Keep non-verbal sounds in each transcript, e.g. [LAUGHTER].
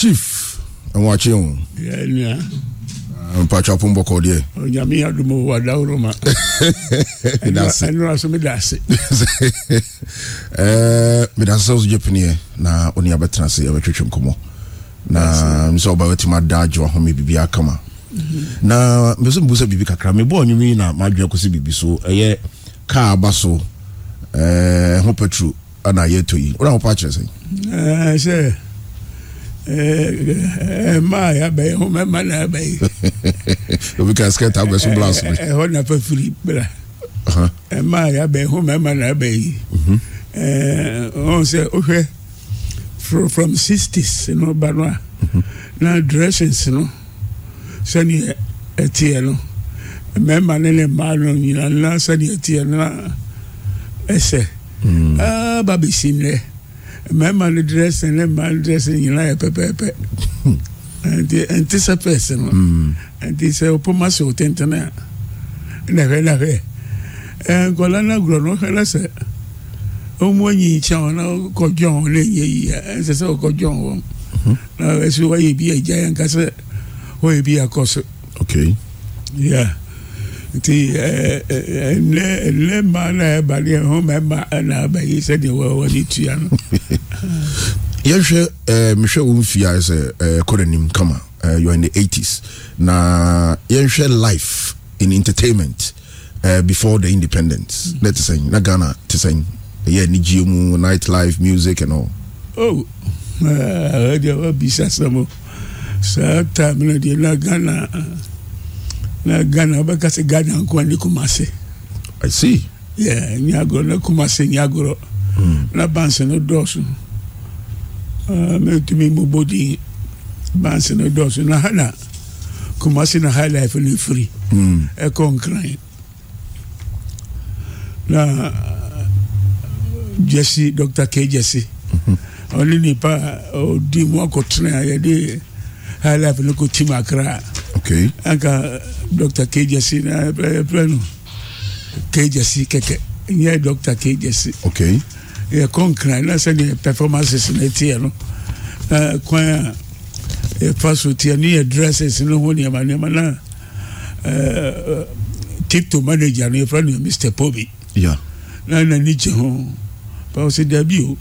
chief ɛwɔakye o mpatwa po mbɔkɔ deɛ onyame adom wɔ adaworo ma ɛnora so meda ase sɛ wo na ɔne abɛtena ase yɛbɛtwetwe nkɔmmɔ na mesɛ woba wɛtumi ada agye wahome biribia kama na mɛ mbu sɛ biribi kakra na maadwene kɔ so ɛyɛ aba so petro ana yɛtɔ yi wona akyerɛ mmaa eh, eh, ya bɛyɛ ho mɛma na abɛyɛ. [LAUGHS] obi ka skirt abɛso blouse bi. Eh, ɛhɔ nafa firi bra. mmaa ya bɛyɛ ho mɛma na abɛyɛ. Mhm. ɔn sɛ ohwɛ from from sixties no ba no a mhm. na dressings no sɛnea ɛteɛ no mmarima ne ne mmaa no nyinaa na sɛnea ɛteɛ no na ɛsɛ. Mm. aba bɛsi nnɛ mmarima no dressing ne mmaa no dressing nyinaa yɛ pɛpɛɛpɛ hmm. nti nti sɛ pɛɛsi no hmm. nti sɛ opoma sɛ o tenten a nahwɛ nahwɛ eh, nkɔla no agorɔ no ɔhwɛ no sɛ ɔmu anyi nkyɛn wɔn na ɔkɔdwɔn wɔn na ɛnyɛ yie ɛnsɛ sɛ ɔkɔdwɔn wɔn hmm. na ɛsɛ wɔyɛ bi agya yɛn kasɛ wɔyɛ bi akɔ so. okay. yeah nti nnɛ nnɛ mmaa na ɛba e ne ɛho mmarima na abɛyi sɛdeɛ wɔwɔ ne tua no [LAUGHS] yɛhwɛ eh, mehwɛ wo mfie a sɛ ɛkɔ eh, n'anim kama eh, youare in the 80s na yɛnhwɛ life in entertainment uh, before the independence na te sɛn na ghana te sɛn ɛyɛ anigyeɛ mu night life music and all oh ɛdeɛ wabisa sɛ mo saa time na deɛ na ghana na ghana bɛka sɛ ghana nkoa ne kumase i see yeah nyagorɔ hmm. na kumase nyagorɔ na banse no dɔɔso uh, ah, mentumi mobɔ din banse no dɔɔso na hana kumase na highlife no firi mm. ɛkɔ nkran na jesse dr k jesse hmm. ɔne nipa ɔdi mu akɔtena yɛde highlife no kɔtim akra a okay. anka dr kejasi na ɛpɛ no kejasi kɛkɛ n yɛ dr kejasi okay. yɛ kɔ nkran na sɛ ne performances na ɛteɛ no na kwan a yɛfa so teɛ ne yɛ dresses no ho nneɛma nneɛma na uh, tipto manager no yɛfrɛ no mr pobi yeah. na nani gye ho pa sɛ dabi o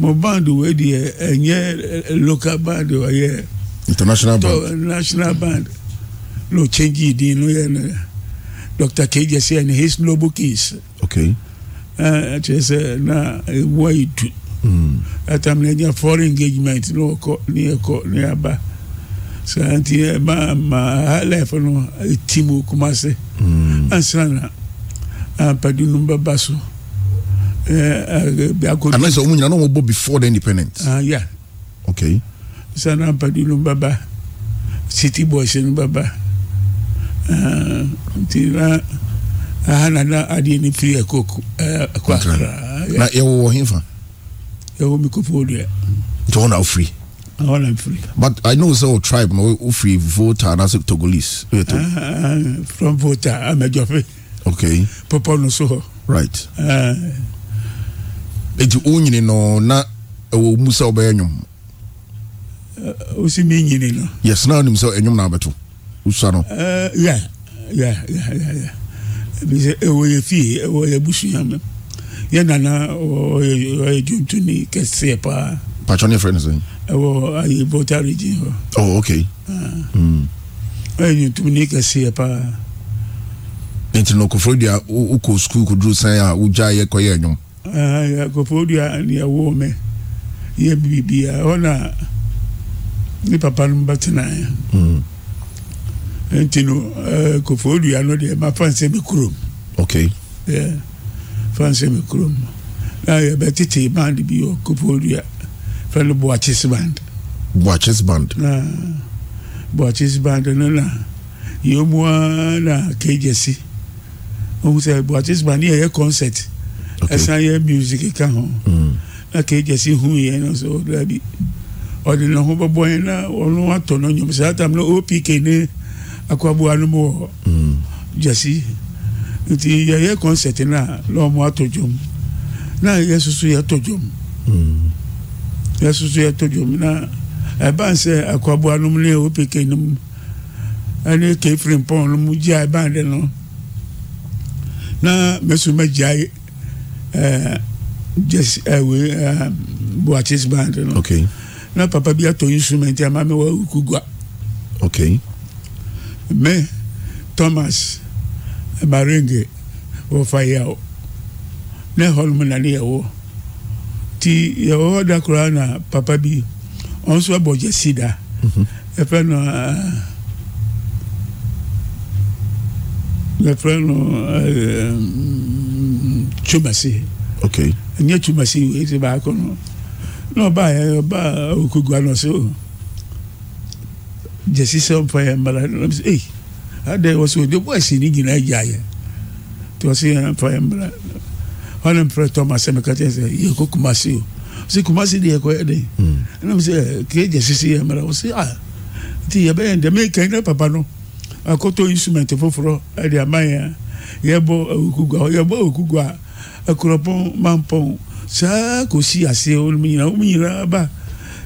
mo band wei deɛ ɛnyɛ local band ɔyɛ international band, national band. no change yi din no yɛ no dr keija sɛ his noble case okay kyerɛ sɛ na ɛwoa yi du atam na ɛnya foreign engagement na ɔkɔ ne yɛkɔ ne yɛaba saa nti ɛma ma life no ɛti mu kuma se ansana na ampadu no bɛba so ɛɛ akɔdu anasɛ ɔmo nyina na ɔmo bɔ before the independence ah yeah okay Sana Padu no baba City Boys no baba nti na na na adeɛ firi ɛkɔ ɛkɔ na yɛwɔ wɔ hefa yɛwɔ mikofoodua nti hɔ na wofiri hɔ na mfiri but i know sɛ wo tribe na wofiri vota anaasɛ togolese woyɛ ah, to from vota amɛdwafe okay pɔpɔ no so hɔ right ah. enti wonyini no na ɛwɔ mu sɛ wobɛyɛ Eh, osi mi nyini no. yes na onim sɛ na abɛto osua no. Eh, ya ya ya ya ya ebi ɛwɔ eh, yɛ fie ɛwɔ yɛ busua m yɛ nana ɔyɛ dwontoni kɛseɛ paa. ne ɛwɔ region hɔ. oh ah. mm. ɔyɛ dwontoni kɛseɛ paa. nti na okofo dua okɔ sukuu koduro sɛn a wogya yɛ kɔ yɛ enyom. okofo ah, dua ni ɛwɔ mɛ yɛ biribi a ne papa mm. no bɛtena ɛ nti no kofo dua no deɛ ma fa nsɛ kurom okay yeah. fa nsɛ kurom na yɛbɛtete band bi wɔ kofo dua fɛ no boaches band boaches band na boaches band no na yɛmua na kegyesi ohun sɛ boaches band ne yɛyɛ concert ɛsan okay. yɛ music ka ho mm. na kegyesi hu yɛ no so dabi ɔde ne ho bɛbɔ na ɔno atɔ no nwom saa tam no opk ne akwaboa no mu wɔ mm. gyasi nti yɛyɛ concert no a na ɔmo atɔ dwom na yɛ soso yɛtɔ dwom mm. yɛ soso yɛtɔ dwom na ɛban sɛ akwaboa no mu ne opk no mu ɛne kefiri pɔn no mu gya ɛban de no na mɛso mɛgyae ɛɛ eh, gyasi ɛɛ eh, wei ɛɛ eh, boatis no. Okay na papa bi atɔ instrument ama mi wɔ ukugua. okay. me thomas marenge wɔfa yia o ne hɔnom na ne yɛ wɔ ti yɛ wɔ da koraa na papa bi ɔn so abɔ gye sida mhm. ɛfɛ no eh, ɛfɛ no eh, mm, twomasi. okay. ɛnyɛ twomasi wei ti baako no n'ọba yẹ ọba okogua nọ so o sẹ ọpa yẹ mbala ọba sẹ ee adé wọsọ ọdẹ bọ ẹsẹ ni nyinaa gya yẹ tí wọsọ yẹ ọpa yẹ mbala ọna mpẹrẹ tọ ma sẹmi kata sẹ yẹ kó kumasi o sẹ kumasi de yẹ kọ yẹ dẹ ẹnna mi sẹ kéé jesi sẹ yẹ mbala wọsọ a ti yẹ bẹyẹ ndẹ mi kẹyìn dẹ papa no akoto instrument foforọ ẹdi ama yẹ yẹ bọ okogua yẹ bọ okogua akuropɔn mampɔn saa kòsi ase omiyina omiyina ba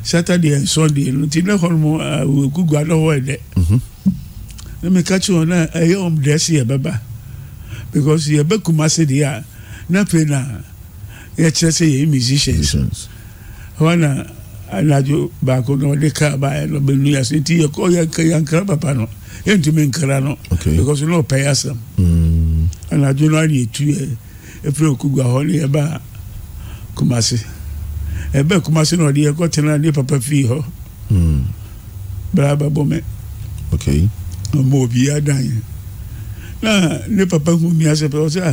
saturday and sunday nti ne kɔn mu gugu anɔwɔ yi dɛ ne mi kakyɛ wɔn na ɛyɛ wɔn dɛsi yɛ bɛba because yɛ bɛ kumase de a na pe na yɛ kyerɛ sɛ yɛ musicians wɔn na anadio baako na ɔde kaa ba yɛ no bɛnu yɛ so nti yɛ kɔ yɛ nkira papa no yɛ ntumi nkira no because na ɔpɛ yɛ asɛm anadio na ayɛ etu yɛ efiri okugua hɔ ne yɛ ba a kumase ɛbɛ kumase na ɔde yɛ kɔ tena hmm. ah, ne papa fii hɔ bra bɛbɔ mɛ ɔma obiaa dan na ne papa hu mi asɛ pɛ ɔsɛ a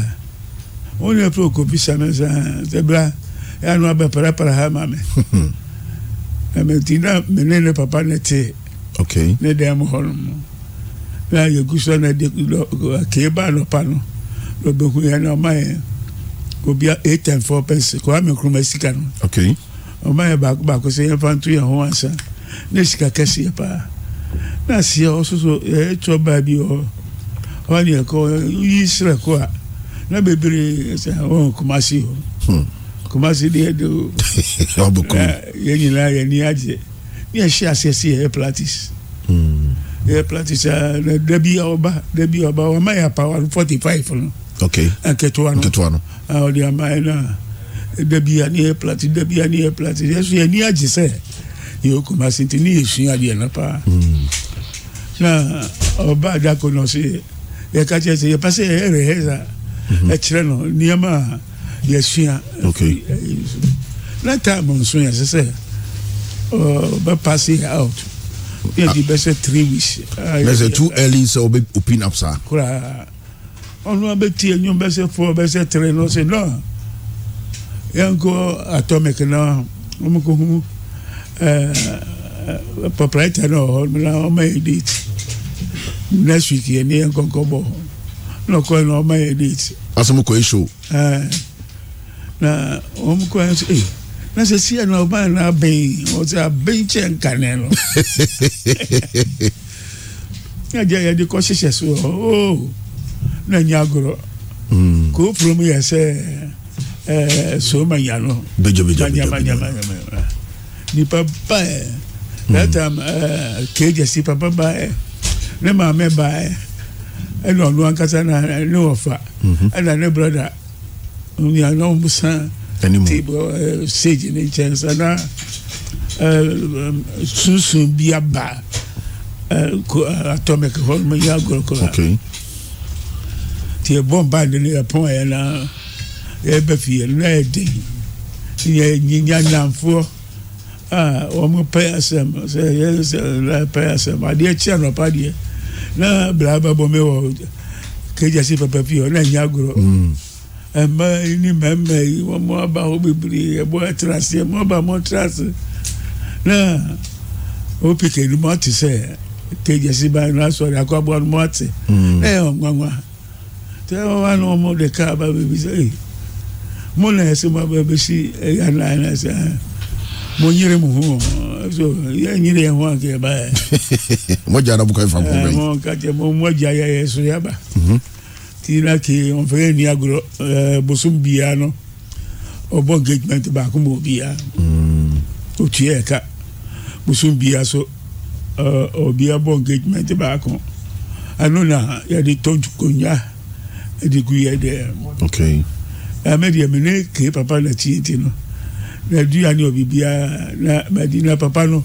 ɔne ɛpɛ ɔkɔpi sa me saa sɛ bra ɛano abɛparapara ha ma me ɛmɛnti hmm. na mene ne papa ne te ne dan mu hɔ nom na yɛgu so na de kee baa nɔpa no na ɔbɛhu yɛ na ɔma yɛn obi eight and four pence kwame nkrumah sika no okay ɔma yɛ baako baako sɛ yɛmfa nto yɛn ho ansa na sika kɛseɛ paa na aseɛ hɔ soso yɛtwa baa bi hɔ hɔ ne yɛkɔ yi serɛ ko a na bebree sɛ wɔn kumasi hɔ hmm. kumasi deɛ do yɛn nyinaa yɛn ni agye ne yɛhyɛ aseɛ sɛ yɛyɛ practice yɛyɛ hmm. practice a na dabi a ɔba dabi a ɔba wɔn ama forty five ok nketewa eh, eh, e hmm. no nketewa hmm. e no ɔde ama yɛ na dabi ani yɛ plati dabi ani yɛ plati yɛso yɛ ni agye sɛ yɛ okuma si nti ni yɛ sun adeɛ na paa na ɔba adako na ɔsi yɛ ka kyerɛ sɛ yɛ pa sɛ yɛ yɛ rehɛza ɛkyerɛ no nneɛma a yɛ sua ok na taamu nso yɛ sɛ ɔbɛ paase out yɛ ah. di bɛ sɛ three weeks. na sɛ too early sɛ ɔbɛ open up saa. koraa ɔno abɛti enyim bɛsɛ fo bɛsɛ tere no sɛ no yɛnkɔ atomic na wɔn ko hu ɛɛ proprietor na ɔhɔ na ɔma yɛ date next week yɛ ne yɛn kɔnkɔ bɔ na ɔkɔ na ɔma yɛ date. asom kɔ esu. ɛɛ na wɔn kɔ ɛsɛ ee na sɛ si ɛna ɔba na abɛn ɔsɛ abɛn kyɛn kanɛ no. yɛ jɛ yɛ de kɔ hyehyɛ so ɔɔ na nya agorɔ hmm. koofuro mu yɛ sɛ ɛɛ soma nya no nipa baɛ hmm. that time ɛɛ kejasi papa baɛ ne maame baɛ ɛna ɔno ankasa na ne wɔfa mhm. ɛna ne broda nya na ɔmo san ti bɔ ɛɛ stage ne nkyɛn sanna ɛɛ sunsun bi aba ɛɛ ko atɔmɛk hɔ no nya agorɔ koraa nti ɛbɔ baage no yɛpɔn yɛ na yɛbɛ fie no na yɛ den yɛ nyinya namfoɔ a wɔn pɛ asɛm sɛ yɛn sɛ pɛ asɛm adeɛ kyerɛ nɔpa deɛ na bla bɛbɔ mi wɔ kejì asi pɛpɛ fie hɔ na nya agorɔ mmaa yi ni mmarima yi wɔn aba hɔ bebree ɛbɔ ɛtena ase ɛmu aba mu ɛtena ase na opike ni mu ate sɛ kejì asi ban na asɔre akɔ aboa no mu ate na yɛ ɔnwanwa tẹ ọ wa ní ọmọ dẹka bá bẹbi sẹ mo na ẹsẹ ma bẹbi si ẹyà náà ẹnà ẹsẹ mo nyere mo ho so yẹ nyere yẹn ho akẹ ẹ báyẹ. [LAUGHS] mo jẹ arabu kan fa kúrò bẹyì. mo kàtẹ mo mo jẹ ayẹyẹ so yaba mhm. tí kì í wọn fẹẹ ní agorɔ ẹ bosom bia no ọbọ engagement baako mọ bia otu yẹ ká bosom bia so ẹ ọbia bọ engagement baako ano na yẹ de kò nyá ɛde gu yɛ dɛ. okay. ɛmɛ deɛ mɛ ne ke papa na tie ti no na aduane wɔ biribiara na madi na papa no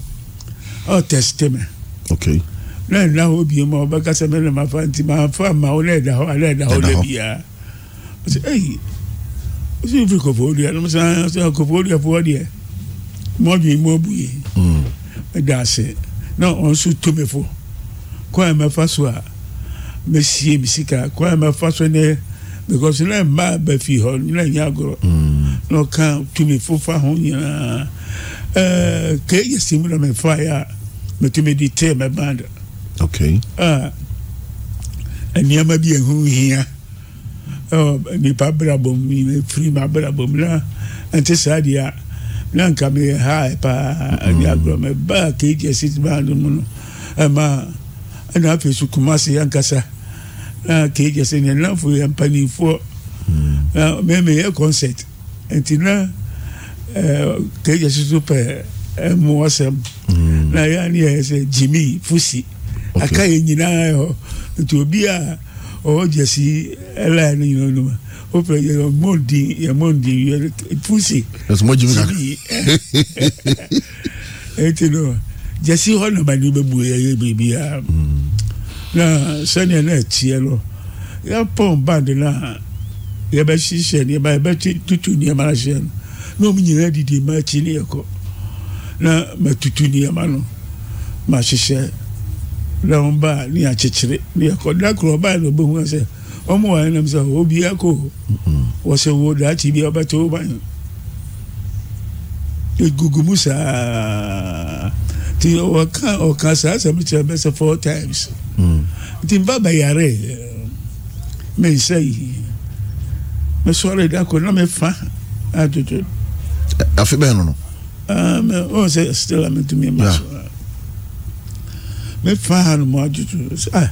ɔtɛsite mɛ. Ok. na nna hɔ bie mu a ɔbɛkasa mɛ na ma fa nti ma fa ma wo na ɛda hɔ ana ɛda hɔ na biara ɔsɛ ɛyi ɔsɛ efiri kɔfɔ odua no san ɔsɛ kɔfɔ odua fo ɔdeɛ mɔdun mu abu yi. Mm. ɛda ase na ɔnso tomefo kwan mɛfa so a mesie mi sika kwan ma fa so ne because ne mba bɛfi hɔ ne nya agorɔ na ɔka tumi fofa ho nyinaa ɛɛ kee yɛ si mu na mɛ fa yɛ a mɛtumi di tee mɛ ban da okay ɛɛ nneɛma bi ehu hia ɛɛ nipa abrabɔ mu firi mu abrabɔ mu na nti saa deɛ a na nka mi ha paa ne agorɔ mɛ ba kee yɛ si ban do mu no ɛma ɛna afei so kumasi yankasa na kegye sɛ neɛ nnafo yɛ mpanimfoɔ na mmɛmɛ yɛ concert nti na kegye soso pɛ ɛmo ɔsɛm na yɛa ne yɛyɛ sɛ jimmy fusi aka yɛ nyinaa hɔ nti obi a ɔwɔ gyesi ɛlaɛ no nyina noma wopɛ yɛ mɔndin yɛ mɔndin yɛ fusi jimmy ɛnti no gyesi hɔ na ma ne bɛbue yɛyɛ biribiara na sɛnea na ɛteɛ no yɛpɔn band no a yɛbɛhyehyɛ nneɛma yɛbɛtutu nneɛma no ahyɛ no na ɔm nyinaa didi ma akyi ne yɛkɔ na matutu nneɛma no mahyehyɛ na wɔn ba ne akyekyere ne yɛkɔ da koro ɔbaa na ɔbɛhu sɛ ɔmo wɔ ayɛnam sɛ obiara kɔ wɔsɛ wɔ daakye bi a ɔbɛto wo ban egugu mu saa ti ɔka ɔka saa asɛm kyerɛ bɛsɛ four times nti mba bɛyare me nsa yi mesɔre da kɔ na mefa atoto afe bɛn no no ɔn sɛ stella metumi ma so mefa ha no mu atoto sɛ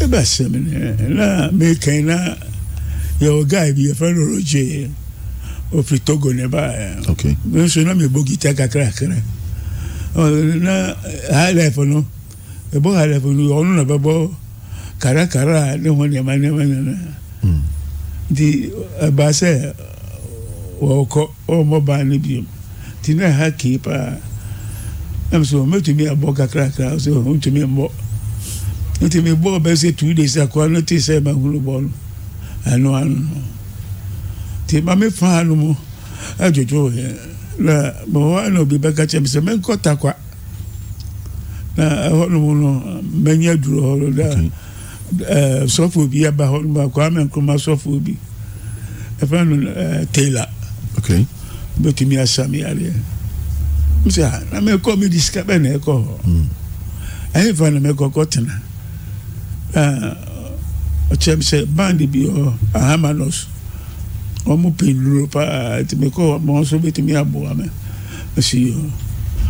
ɛbɛ asɛm ah, e no na mekan na yɛwɔ guy bi yɛfrɛ no roger ofi togo ne baɛ eh. nso na mebɔ gita kakrakra na eh, high life no ɛbɔ ha lɛfɔni ɔno na bɛbɔ karakara ne ho nneɛma nneɛma nneɛma hmm. nti ɛbaa sɛ wɔkɔ ɔmɔ baa ne bio nti na ha kii paa ɛm so mɛtumi abɔ kakrakra so ntumi mbɔ ntumi bɔ bɛ sɛ two days akɔa no te sɛ mahunu bɔ no ɛno ano nti maame fa no mu adwodwo yɛ na mɛ hɔ ana obi bɛka kyɛ me sɛ mɛnkɔ takwa na ɛhɔ nom no mɛnya aduro hɔ da ɛɛ sɔfo bi aba hɔ nom akwame nkruma sɔfo bi ɛfɛ no ɛɛ tailor bɛtumi asa mi adeɛ nse a ah, na mɛ kɔ sika bɛ na ɛkɔ hɔ mm. ɛyɛ fa na mɛ kɔ tena ɛɛ ɔkyɛm sɛ band bi hɔ ahamanos wɔn mu pin duro paa ɛtumi kɔ hɔ mɛ wɔn nso bɛtumi aboa mɛ ɛsi hɔ.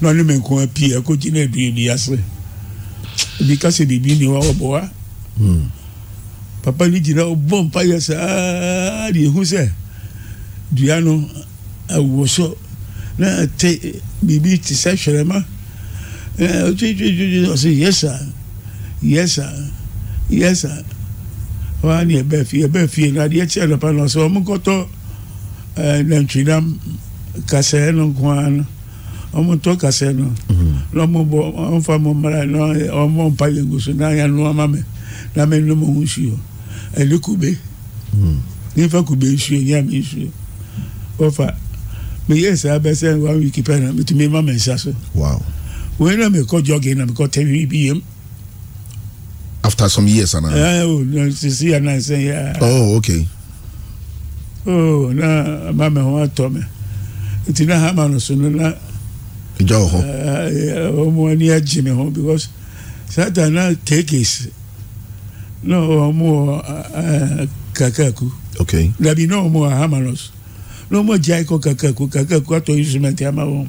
na ɔne me nko apii akɔgyina aduani ase ebi ka sɛ biribi ne wa wɔboa hmm. papa no gyina ɔbɔ mpayɛ saa de ɛhu sɛ dua no awo so na te biribi te sɛ hwerɛma ɔtwitwitwitwi ɔsɛ yɛsa yɛsa yɛsa waa ne ɛbɛ fie ɛbɛ fie na adeɛ kyerɛ nɔpa no ɔsɛ ɔmo nkɔtɔ ɛɛ nantwinam kasɛɛ no nko ara no ọmọ tó kasẹ no lọmọ bọ ọmfa mọ mara na ọmọ mpa yẹ ngusu na ya nu ọma mẹ na mẹ nu mọ nsuo ẹni kube nifa kube nsuo ni ami nsuo ọfa mẹ yẹ ẹsẹ abẹsẹ one week pẹ na mẹtumi ma mẹ nsa so wọn na mẹ kọ jọgin na mẹ kọ tẹwi bi yẹm. after some years ana. ẹ o sisi anase ya. oh okay. oh na mama wọn atọ mẹ ntina hama no so na ɛgya wɔ hɔ wɔn ani agye ne because satan na take his na wɔn kakaku okay dabi na wɔn wɔ hamanos na wɔn agye kakaku kakaku atɔ instrument ama wɔn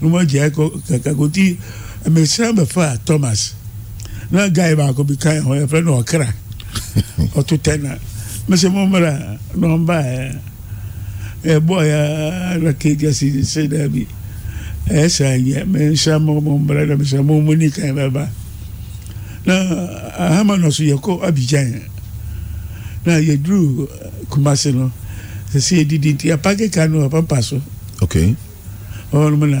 na wɔn agye akɔ kakaku ti mbɛsira thomas na guy baako bi kan hɔ yɛfrɛ no ɔkra ɔto tɛna mɛsɛ mo mmara na ɔmba ɛbɔ ya na kegasi sɛ daabi ɛsɛ ayɛ me nsa mo mo mbra dɛ mesɛ mo mo ni kan bɛba na ahama no so yɛkɔ abigyan na yɛduru eh, kumase no sɛ sɛ yɛdidi nti apake ka no ɔpampa so okay ɔnom eh, eh, na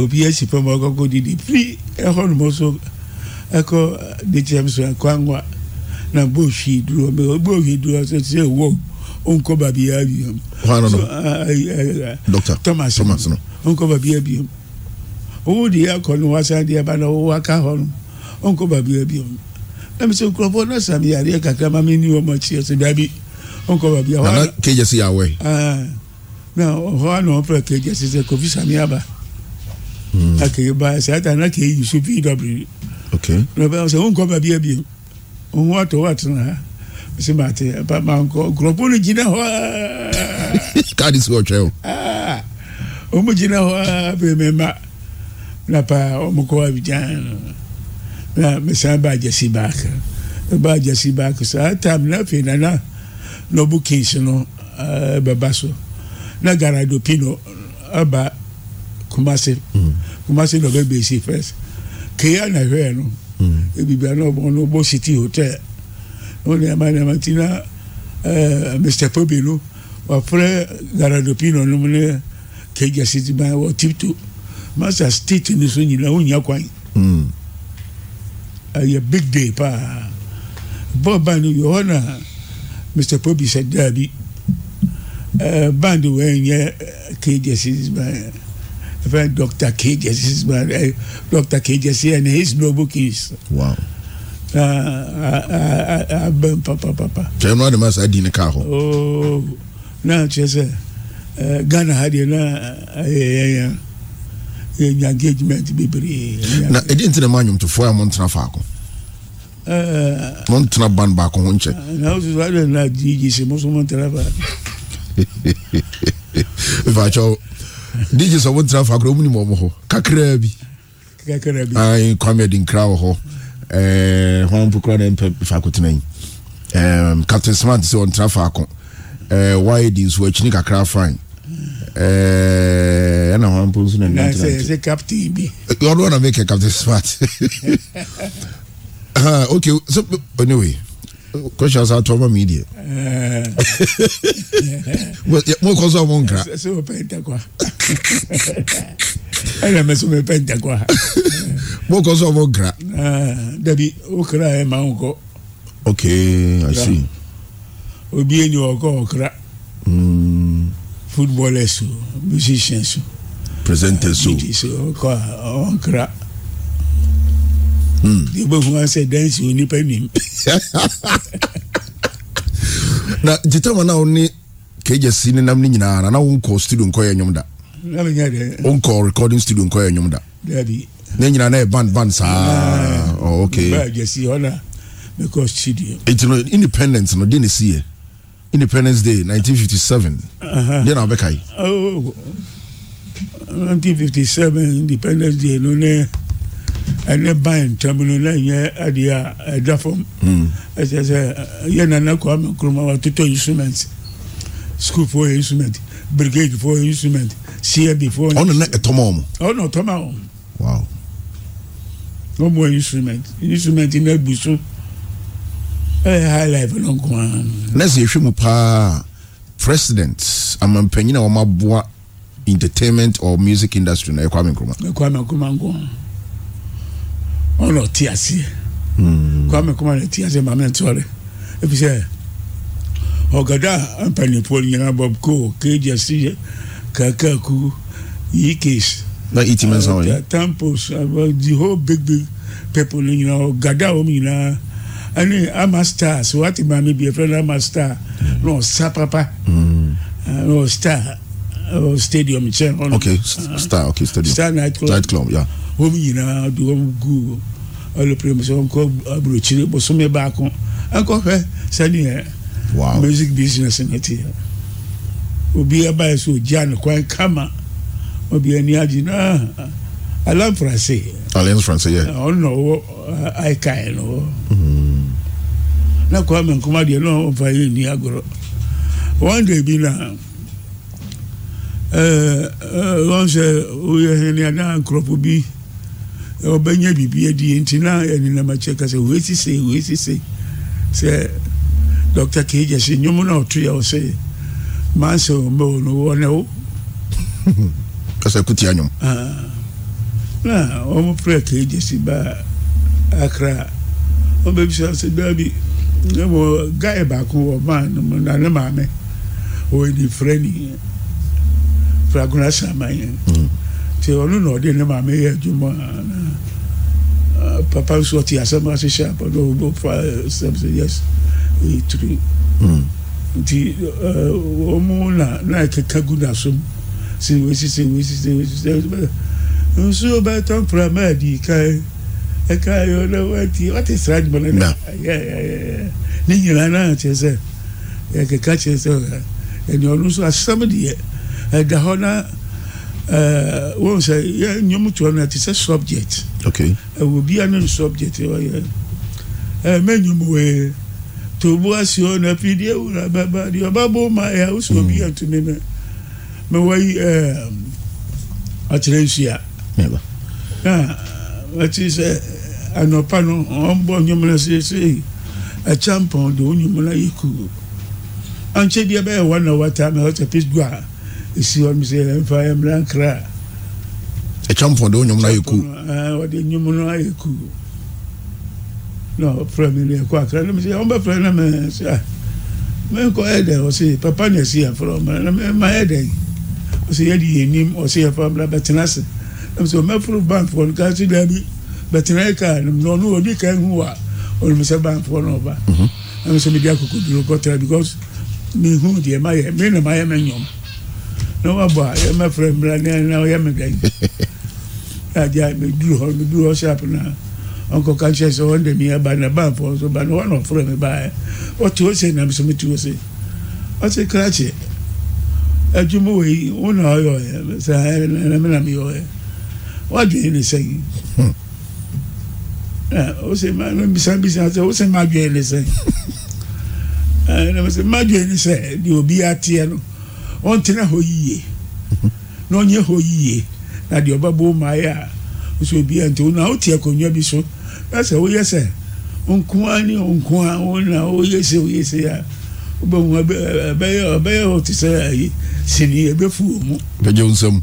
obi asi pam ɔkɔkɔ didi firi ɛhɔnom so ɛkɔ dekyɛm so akɔ anwa na bɔɔhwi duru ɔbɛɔhwi duru ɔsɛ sɛ wo ɔnkɔ baabiara biam Doctor. thomas thomas no ɔnkɔ baabiara biam owó de akɔ no wasan de aba na owó aka hɔ no ɔnkɔ baabiara biam ɛmi sɛ nkurɔfoɔ na sami yareɛ kakra ma mi ni wɔn akyi ɛsɛ dabi ɔnkɔ baabiara wa nana kejɛ si awɔ yi na ɔhɔ anɔ ɔfɛ kejɛ si sɛ kofi sami aba akeye ba sɛ ata na keye yusu pw na ɔbɛ sɛ ɔnkɔ baabiara biam ɔnkɔ atɔ wa tena ha simate pamanko kuropɔn no gyina hɔ aa [LAUGHS] kaadi si ɔtwɛ o aa ah, wɔn gyina hɔ aa bɛrɛmɛ ma na paa wɔn kɔ abidjan na mesan ba agyasi baaka ba agyasi baaka saa taam na afei nana na ɔbu kings no ɛɛ bɛba eh, so na garado pino aba kumasi, mm. kumasi na ɔbɛ bɛsi first kea na hwɛ no mm. ebibia na ɔbɔ no ɔbɔ city hotel nneɛma nneɛma nti na mr pobi no wafrɛ garadopi nɔnom ne kegya sitima wɔ tipto masa state ni so nyinaa wonya kwan ɛyɛ big day paa bɔɔl band yɛ hɔ na mr pobi sɛ daabi ɛɛ band wɛn nyɛ kegya sitima yɛ ɛfɛ dr kegya sitima ɛɛ dr kegya sitima and his noble kids. Wow na abɛn papapapa. kyerɛ nua de ma saa di ne kaa hɔ. na kyerɛ sɛ ghana ha deɛ na ɛyɛ yɛn yɛ engagement bebree. na edi ntina mu anyomtofoɔ a mo ntena faako. ɛɛ mo ntena ban baako ho nkyɛn. na o soso adi na di yi se mo so mo ntena faako. ifakyɛw dj sɛ wo ntena faako o mu ni mo wɔ hɔ kakraa bi. kakraa bi. ayi kwame adinkra wɔ hɔ ɛɛ wɔn mpo kura na mpɛ faako tena yi captain smart sɛ ɔntena faako ɛɛ waayɛ di nsuo akyini kakra fine ɛɛ ɛna wɔn nso na ntena ntena ntena captain bi ɔno na mekɛ captain smart Ok, so anyway question sa tɔn ma mi di mo kɔ sɔn mo nkira ɛna mɛ so mɛ pɛ nta kɔ ha. mo kɔ sɔ mo gra. dabi o kra yɛ maa n kɔ. ok i see. obi yɛ ni ɔkɔ ɔkra. Mm. footballers o musicians o. presenters o. ɔkɔ ɔkra. yóò bẹ fún wa sẹ dẹ́nsì onípa mi. na jitama náà ó ní kéjẹsí nínú ní nyinaa náà ó ń kọ studio nkọ yẹn nyom da nkɔ recording studio nkɔ yɛ nnwom da ne nyina na yɛ band band saa oh, ok eti no independence no de ne si yɛ independence day 1957 uh-huh. deɛ na wobɛka yi 1957 independence day no ne ɛne ban ntam no na nyɛ adeɛ a ɛda fam ɛkyɛ sɛ yɛ nana kɔ ama kuroma watotɔ instrument sukuufoɔ yɛ instrument brigade for instrument cfd for. ọ̀nà náà ẹ̀tọ́ mọ́ ọ̀mù. ọ̀nà ọ̀tọ́ mọ́ ọ̀mù. wow. wọ́n bọ̀ instrument instrument náà bù so ẹ̀ ẹ̀ high life ló ń kọ́ ọ́n. nẹ́ẹ̀sì ehwẹ́ mu paa president amampanyin a wọ́n aboa entertainment or music industry na ẹ̀ Kwame Nkrumah. ẹ̀ Kwame Nkrumah nkọ́ ọ̀nà ọ̀tí àṣẹ. Kwame Nkrumah ọ̀nà ọ̀tí àṣẹ màmí ẹ̀ tí wọ́n rẹ̀ ẹ̀ fi sẹ́yẹ̀ ọ̀gádà mpanimfoɔ nyinaa bob cole kdc kakaku yikes. na iti mɛ san o tampos uh, the whole big big people nyinaa ọ̀gádà wɔn nyinaa ɛni ama stars wati maame bi efra na ama star na ɔsa papa hmm. uh, na ɔsta uh, stadium kyɛn. ok star ok stadium star night club night club ya. wɔn nyinaa de wɔn gu ɔlọpɛrɛ muso nkɔ aburokyire bosome baako nkɔhwɛ sɛdeɛ wow. music business na ti yɛ obi abayɛ so ogya ne kwan kama obi ani agye na alain france alain france yɛ ɔno na ɔwɔ aikan no wɔ na kwame nkoma deɛ na ɔmfa yɛ ni agorɔ one day bi na wọn sɛ oyɛ hɛn adan nkorɔfo bi ɔbɛnya bibi adi nti na ɛnenam akyɛ kasa wei sise wei sise sɛ dr kege sɛ nnwom na ɔtoyɛ wo sɛ mansɛ ɔmbɛo no wɔne wo kasa kutia nnwom na ɔmo pra kege si ba akra ɔbɛbisa sɛ daa ne mo guy baako wɔ oh, maa no mu na ne maame ɔyɛ ne frɛ ni fragona saman nti ɔno na ɔde ne maame yɛ adwuma papa nso ɔte asɛm ase hyɛ apɔdɔ ɔbɔ fa sɛm sɛ yes ɛyɛ tiri nti wɔn na na e keka gu n'asom sɛ wɔsisɛ wɔsisɛ wɔsisɛ nsuo bɛtɔ mprama adi kae ɛka e yɛ ɔna wɔte wɔte sra adwuma no na ne nyinaa na kyerɛ sɛ yɛ keka kyerɛ sɛ ɛnea ɔno nso asɛm deɛ ɛda hɔ na. Eh, wọn sɛ yɛ nyɔmutu ɔnu ɛti sɛ subject okay ɛwɔ eh, bia ne subject ɔyɛ ɛɛ eh, mɛ nyɔmuwe tobu asi ɔnu ɛfi di ewura baba di ɔba bo ma ya osu obi yɛ mm. ntumi mɛ mɛ wɔyi ɛɛ ɔkyerɛ nsua na ɛti sɛ anɔpa no wɔn bɔ nyɔmuna seesei ɛkyɛ mpɔn de wɔn nyɔmuna yi ku ɔnkyɛ bi ɛbɛyɛ one hour time ɛwɔ sɛ peace esi hɔ mi sɛ mfa mmira nkra. ɛkyɛn pɔn de o nyɔm no ayɛ ku. ɔde nyɔm no ayɛ ku na ɔfra mi de ɛkɔ akra na mi sɛ ɔn bɛ fira na mɛ sɛ mɛ nkɔ ɛyɛ ɔsi papa na ɛsi afra ɔmɛ na mɛ ma ɛyɛ dɛ ɔsi yɛ di yɛ nim ɔsi yɛ fa mura bɛtena se na mi sɛ ɔmɛ furu bank wɔn ka si da bi bɛtena yɛ e kaa na mi sɛ ɔdi ka ehu wa ɔno mi sɛ bank wɔn ɔba mhm. na mi sɛ mi di akoko duro kɔtara because mi hu deɛ ma yɛ mi na ma yɛ mɛ nyɔm na wa bɔ a yɛ ma fɛ mìíràn ní ɛnna ɔyɛ mi dɛ yàtí a mi dúró hɔ mi dúró hɔ sharp na ɔnkɔ kankyɛ sɛ ɔn dɛm yɛ ba na ba fɔ so ba na wɔn ɔfrɛ mi ba yɛ ɔte ose nam so mi te ose ɔse krakye adwuma wɔ yi wɔn na ɔyɛ ɔyɛ sɛ ɛyɛ ɛnna mi na mi yɛ ɔyɛ wadwene ne sɛn ose ma mi bisa bisa sɛ ose ma adwene ne sɛn ɛnna mi sɛ ma adwene ne sɛ deɛ obi ateɛ no ɔntena hɔ yie na ɔnyɛ hɔ yie na deɛ ɔbɛbɔ ɔma yɛ a nso obi yɛ nti na ɔte akonnwa bi so ɛsɛ ɔyɛ sɛ nkoa ne nkoa ɔna ɔyɛ sɛ ɔyɛ sɛ a ɔbɛhu ɛbɛyɛ ɔbɛyɛ hɔ te sɛ ayi sini ɛbɛfu wɔn mu. bɛgye nsɛm.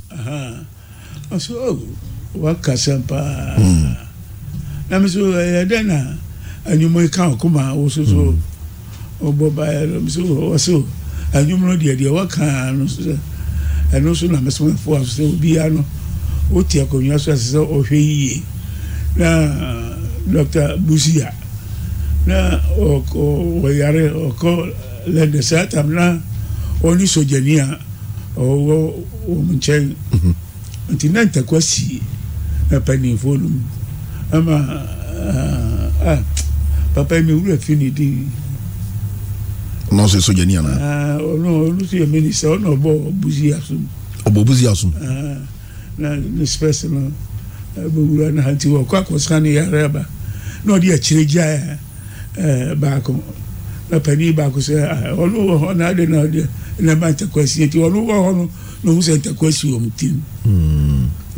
ɔsɛ ɔ wakasa paa na mi so ɛyɛ eh, dɛ na anyimɔ yi ka ɔkuma wososo ɔbɔ baayɛ dɛ mi so ɔsɛ hmm. o adwuma no deɛ deɛ wɔka no so sɛ ɛno so na mɛsɛmɛfo aso sɛ obiara no wote akonnwa so ase ɔhwɛ yie na dr busia na ɔkɔ ɔyare ɔkɔ lɛnde saa tam na ɔne sogyani a ɔwɔ wɔn nkyɛn mhm. nti na ntakwa si na no mu ama papa mi wura fi ne din nọọsụ soja ni ana. ọnụ olusi eme n'isa ọ na ọbọ ọbụzi asụm. ọbọ ọbụzi asụm. na n'espesi na ebewura na ha nti ọkọ akọsa na yara aba na ọdị akyire gya ya baako na panyin baako sị ọnụ wọ hɔ na adị na ọdị na ba ntakwa si eti ọnụ wọ hɔ no na ọhụ sị ntakwa si ọm tim.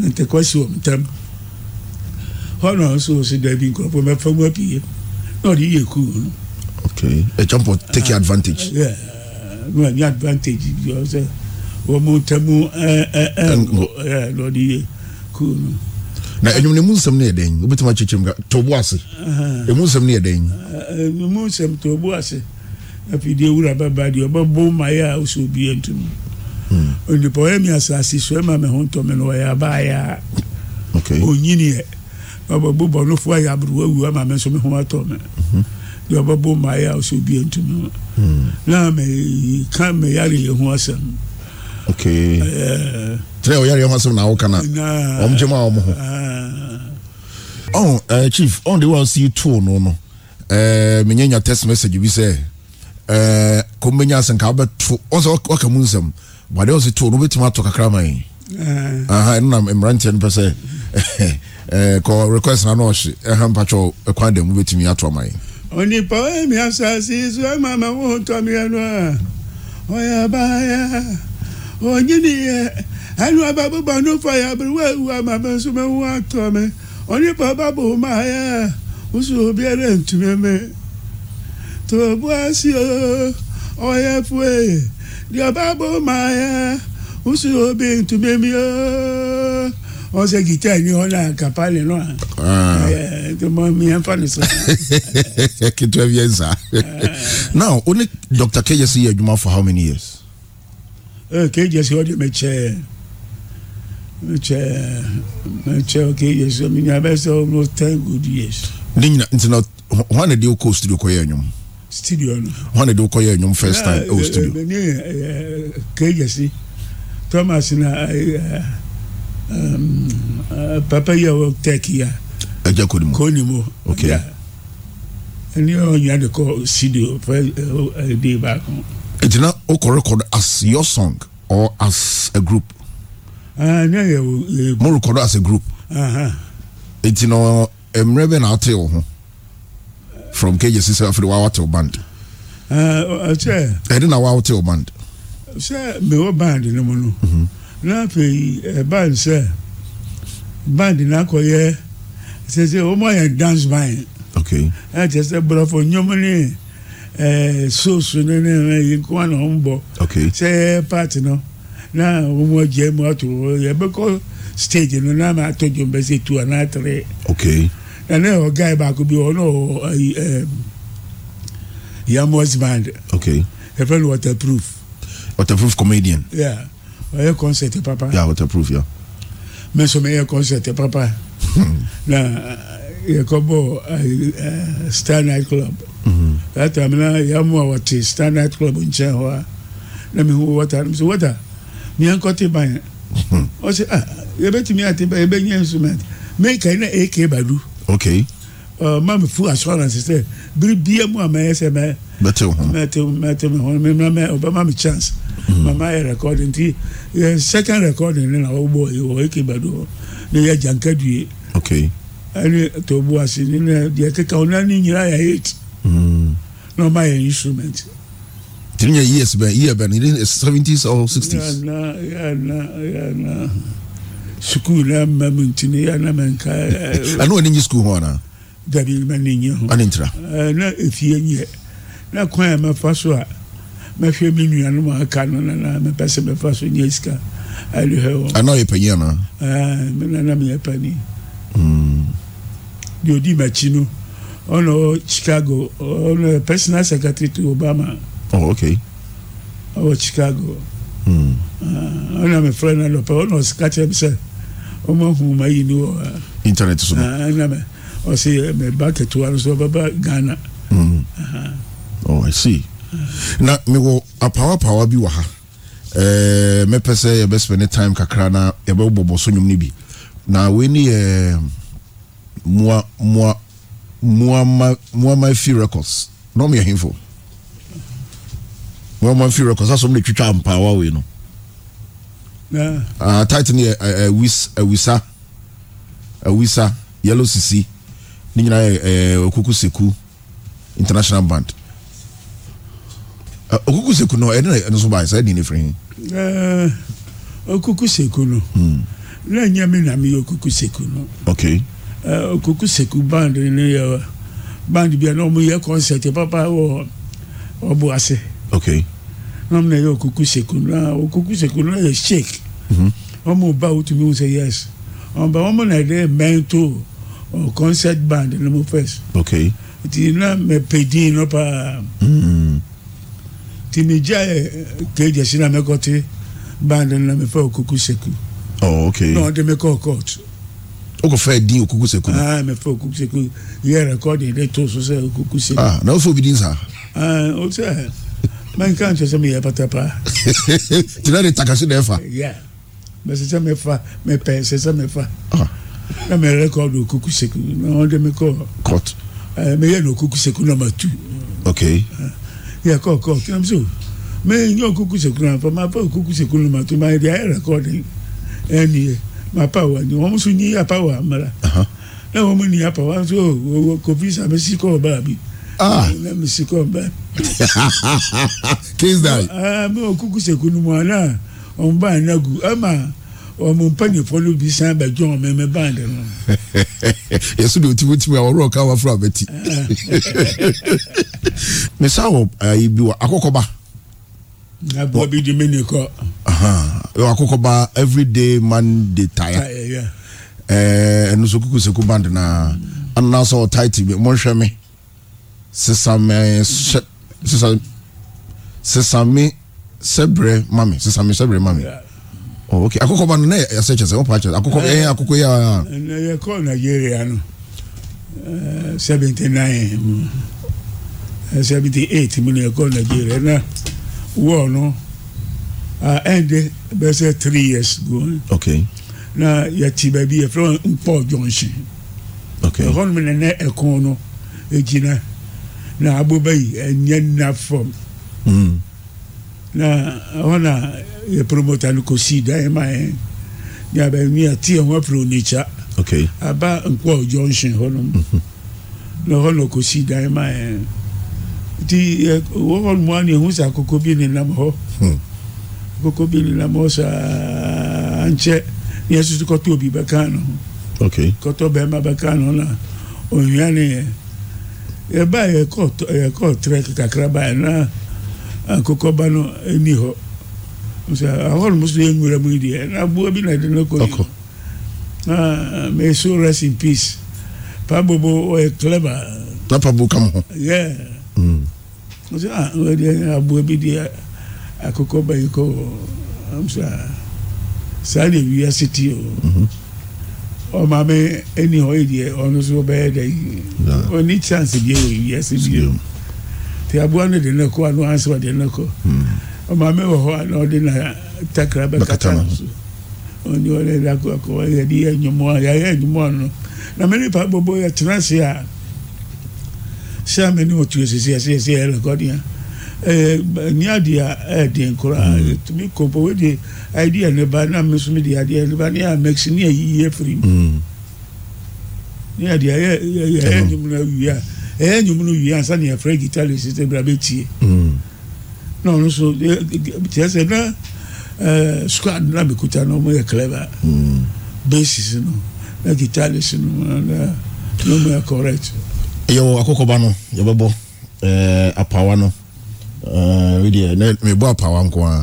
ntakwa si ọm tam hɔ na ọsọ ọsọ dabi nkurɔfoɔ mmefa mu apue na di yie kuu no okay ẹ jump on take your advantage. ẹ ẹ ní advantage bí ọ sẹ wọn mú tẹmú ẹ ẹ ẹ lọdí yẹ kúrò nù. na enyim na emu nsɛm no yɛ dɛn wobɛtumi akyekyere mu tɔbu ase emu nsɛm no yɛ dɛn. emu nsɛm tɔbu ase afidie wura baba deɛ ɔbɛbɔ mayɛ a ɔsɛ obi yɛ ntum onipa ɔyɛ mi asase so ɛma mi ho ntɔmi no ɔyɛ abaayɛ a onyini yɛ ɔbɛbɔ bɔnufo ayɛ aburuwa wu ama mi nso mi ho atɔ mi deɛ ɔbɛbɔ mmaeɛ a ɔsɛ obi ntumi ho na meka meyare yɛ ho asɛm kyerɛ ɔyare yɛ ho asɛm na woka na ɔmgye ma a ɔm ho Oh, uh, chief, on the one see two no no. Uh, eh, menyanya text message bi sɛ uh, kɔmmɛnya asɛnka wobɛto ɔsɛ waka mu nsɛm bade ɔse to no wobɛtumi atɔ kakra ma yi eh. aha ɛno na mmeranteɛ no pɛ sɛ kɔ request na na ɔhye ɛha mpatwɛ ɛkwan dɛm wobɛtumi atɔ ama yi onipa ɔyɛ mi asase so ɛma ma wo tɔ mi ɛnu a ɔyɛ abaya onyini yɛ ɛnu aba bɔbɔ nufa yɛ abiri wo ewu ama mi nso mi wo atɔ mi onipa ɔba bo ma yɛ wusu obi ɛrɛ ntumi mi tobu asi o ɔyɛ fue deɛ ɔba bo ma yɛ wusu obi ntumi mi o wọn ṣe kì í tẹ̀ ní ọ̀nà kàpálẹ̀ náà ah. tó mọ mi ẹ̀ fani sọ. [LAUGHS] kí twelve years ah now only dr kejesi yẹ adwuma for how many years. Eh, kejesi ọdún mi kyẹ mi kyẹ mi kyẹ kejesi mi nyà bẹ sẹ almost ten good years. ne nyina ntina wọn na de o kó studio kọ yẹ ẹnyọm. studio no. wọn na de o kọ yẹ ẹnyọm first eh, time o studio. kejesi thomas na. uh, um, uh, papa yi a wɔ tech yi a. ɛjɛ kɔni mu kɔni mu ok ɛni ɔn yɛn de kɔ studio fɛ ɛɛ de baako. ɛtina o kɔ record as your song or as a group. aa ne yɛ mo record as a group. ɛtina mmerɛ bɛ na ate wɔ ho from kj sisi afiri wa wate o band. ɛɛ ɔkyɛ. ɛdi na wa wate o band. sɛ mɛ wɔ band ne mu no. Mm -hmm na afei ɛband sɛ band n'akɔyɛ sese wɔn ayɛ dance band ɛkyɛ sɛ bɔlɔfɔ nyɔmu ni ɛɛ soosu ni ne yɛn yi kuma na wɔn bɔ sɛ paati no na wɔn agye mu ato yɛ bɛ kɔ stage no na ma ato dwom bɛ se tu ana atere na ne yɛ ɔga yɛ baako bi o ɔ ɛɛ ɛɛ yamuwas band yɛ fɛ waterproof waterproof comedian. Yeah ɔyɛ concert papa. yà wọ́n tẹ proof yà. mẹ sọ mi yẹ concert papa na yẹ kọ bọ star night club. that time na yà mú àwọn ti star night club nkyɛn hɔ [LAUGHS] oh, ah, a na mi hu wọta mi sọ wọta mi yẹn kọ ti ban yẹn ɔsɛ ah yẹ bẹ tumi àti bẹ yẹ bẹ nyẹ instrument mẹ kàn ní ak badu. okay. Uh, maame fu assurance sɛ biribiara mu a mɛ yɛ sɛ mɛ. bɛ tew ho mɛ tew mɛ hɔn mi mɛ mɛ ɔbɛ maame chance. Mm. mama yɛ recording nti yɛ eh, second recording ne na ɔbɔ yi wɔ eke bɛdo ne yɛ janka due okay ɛne tɔbu ase ne na deɛ keka ɔna ne nyinaa yɛ eight na ɔma yɛ instrument. tini yɛ years bɛn year bɛn ne seventies or sixties. yana yana yana sukuu na mamu ntini yana mɛnka. ɛnu wɔ ne nyi sukuu hɔn na. dabi ma ne nyi hɔn. ɔne ntira. ɛɛ na efie nyɛ na kwan yɛ ma fa so a mɛhwɛ me nuanom aka no nana mepɛ sɛ mɛfa so nya sika aduhɛ wɔ ana ɔyɛ panyi ana me nana meyɛ pani mm. deɛ ɔdi m'akyi no ɔna ɔ chicago ɔna personal secretary to obama oh, okay. ɔwɔ chicago mm. ɔna mefrɛ no anɔpɛ ɔna ɔsika kyerɛ m sɛ ɔma hu ma yi ni wɔ internet so na mɛ ɔse mɛba ketewa no so ɔbɛba ghana mm. oh, I see na mewɔ apawapawa bi wɔ ha eh, mɛpɛ sɛ yɛbɛspɛne time kakra na yɛbɛbɔbɔ so nwom no bi na wei ne yɛ mm, mua mua muama fi records na ɔmo yɛ muama fi records aso ɔmo de twitwa mpawa wei no ah title yɛ awis eh, eh, awisa awisa yellow sisi ne nyinaa yɛ ɛɛ eh, okuku seku international band. Uh, okuku seku no ɛne na ɛno so baa saa din ne firi hin. Eh, okuku no hmm. na nyɛ mi na mi yɛ okuku no. okay. Uh, okuku seku band ne yɛ band bi a na wɔn yɛ concert papa wɔ ɔbu ase. okay. na wɔn na yɛ okuku seku no okuku seku no yɛ shake. wɔn mhm. mu ba wotumi wosɛ yes wɔn ba wɔn na yɛ mento ɔ concert band ne mu first. okay. ti na mɛ pe din no paa. Mm -hmm ti migya keegya si na mekɔte band no na mefɛ okuku seku oh, okay. na no, ɔde mekɔɔ court wokɔfɛ ah, din eh, okuku seku ah, ah mefɛ [LAUGHS] ah. okuku seku yɛ recording de to so sɛ okuku seku ah, na wofɛ obi din saa ah, o sɛ mɛnka nkyɛ sɛ meyɛ pata paa nti na de takase na ɛfa yeah. mɛsɛ sɛ mefa mepɛ sɛ sɛ mefa ah. na merekɔd okuku seku na ɔde mekɔɔ court uh, eh, meyɛ no okuku seku number two okay uh, yɛ kɔkɔ kyɛm so mɛ nyɛ okuku sekuru na fɔ ma pa okuku sekuru ma to ma yɛ de ayɛ rɛkɔdi ɛni yɛ ma pa wa ni wɔn so nyi ya pa wa mara uh-huh. na wɔn mu ni ya pa wa so ah, o kofi sa mi si kɔ ɔba bi na mi si kɔ ɔba bi. kings die. aa mɛ okuku sekuru mu ana ɔn ba anagu ama ọmọ mpanyinfo ló bi san abẹjọ ọmọ ẹmẹ band nù. yẹsùn ni otí wotí mi àwọn ọ̀rọ̀ káwọn afúnra bẹtì. mẹsàn wọ ayé bi wọ akọkọba. abọ́ bi di mi nìkọ. akọkọba everyday monday taya ah, ẹnu so kuku seku band na ananasa ọ taiti bi mo n hwẹ mi sisame sisame sẹbrẹ mami sisame sẹbrẹ mami. Yeah oh, okay akoko ba no na yɛ sɛ kyɛ sɛ wɔpa akoko ɛyɛ akoko yɛ aa. ɛnɛ yɛ kɔ nigeria no seventy nine seventy eight mu na yɛ kɔ nigeria na wɔɔ no ɛnde bɛ sɛ three years ago. okay na yɛti baabi yɛfrɛ no mpɔ junction okay ɛhɔ nom na nɛ ɛkɔn no egyina na abobayi ɛnyɛ nna fam na ɔna yɛ promota no eh, kɔsii dan ma yɛn eh. ne abɛmi ate eh, ɛho afiri onikya okay. aba nkoa junction hɔ nom na hɔ na ɔkɔsii dan ma yɛn nti wɔ hɔ nom a ne ɛhu sɛ akoko bi nenam hɔ akoko hmm. bi nenam hɔ saa nkyɛ ne yɛsoso kɔtɔ obi bɛka no ho okay. kɔtɔ bɛrima bɛka no na ɔnwia ne yɛ yɛbaa yɛkɔɔ trɛk kakra baɛ na akokɔba no ani hɔ sɛ ahɔ no mo so yɛnwura mu deɛ na aboa bi na de no kɔ na may so rest in peace pa bobo ɔyɛ clever na pa bo kam ho yeah mo sɛ ah wɔde aboa bi deɛ akokɔba yi kɔ am sɛ de deɛ wiase ti o ɔmaame ani hɔ yi deɛ ɔno so bɛyɛ dɛ ɔni chance deɛ wɔ wiase bi o nti aboa no de ne kɔ ano ansa ɔde ne kɔ ɔmaame wɔ hɔ ana ɔde na takra bɛkata no so ɔne ɔne da kɔ akɔ yɛde yɛ nnwomɔ a yɛayɛ nnwomɔ no na me nipa bɔbɔ yɛtena se a sɛ a mene ɔtuo sisi ɛsɛsɛ yɛ rekɔdea ni adeɛ a ɛden koraa hmm. tumi kɔmpɔ wode idea ne ba na me so mede adeɛ ne ba ne a max ne ayiyi afiri mu hmm. ne adeɛ yɛ yɛ yɛ nyim no awie a ɛyɛ nnwom no wie ansa ne yɛfrɛ guitarist sɛ bra bɛtie na ɔno so kyerɛ sɛ na squad na mekuta no ɔmo yɛ clever basis no na guitarist no na ɔmo yɛ correct yɛwɔ akɔkɔba no yɛbɛbɔ apawa no wedeɛ na mebɔ apawa nko a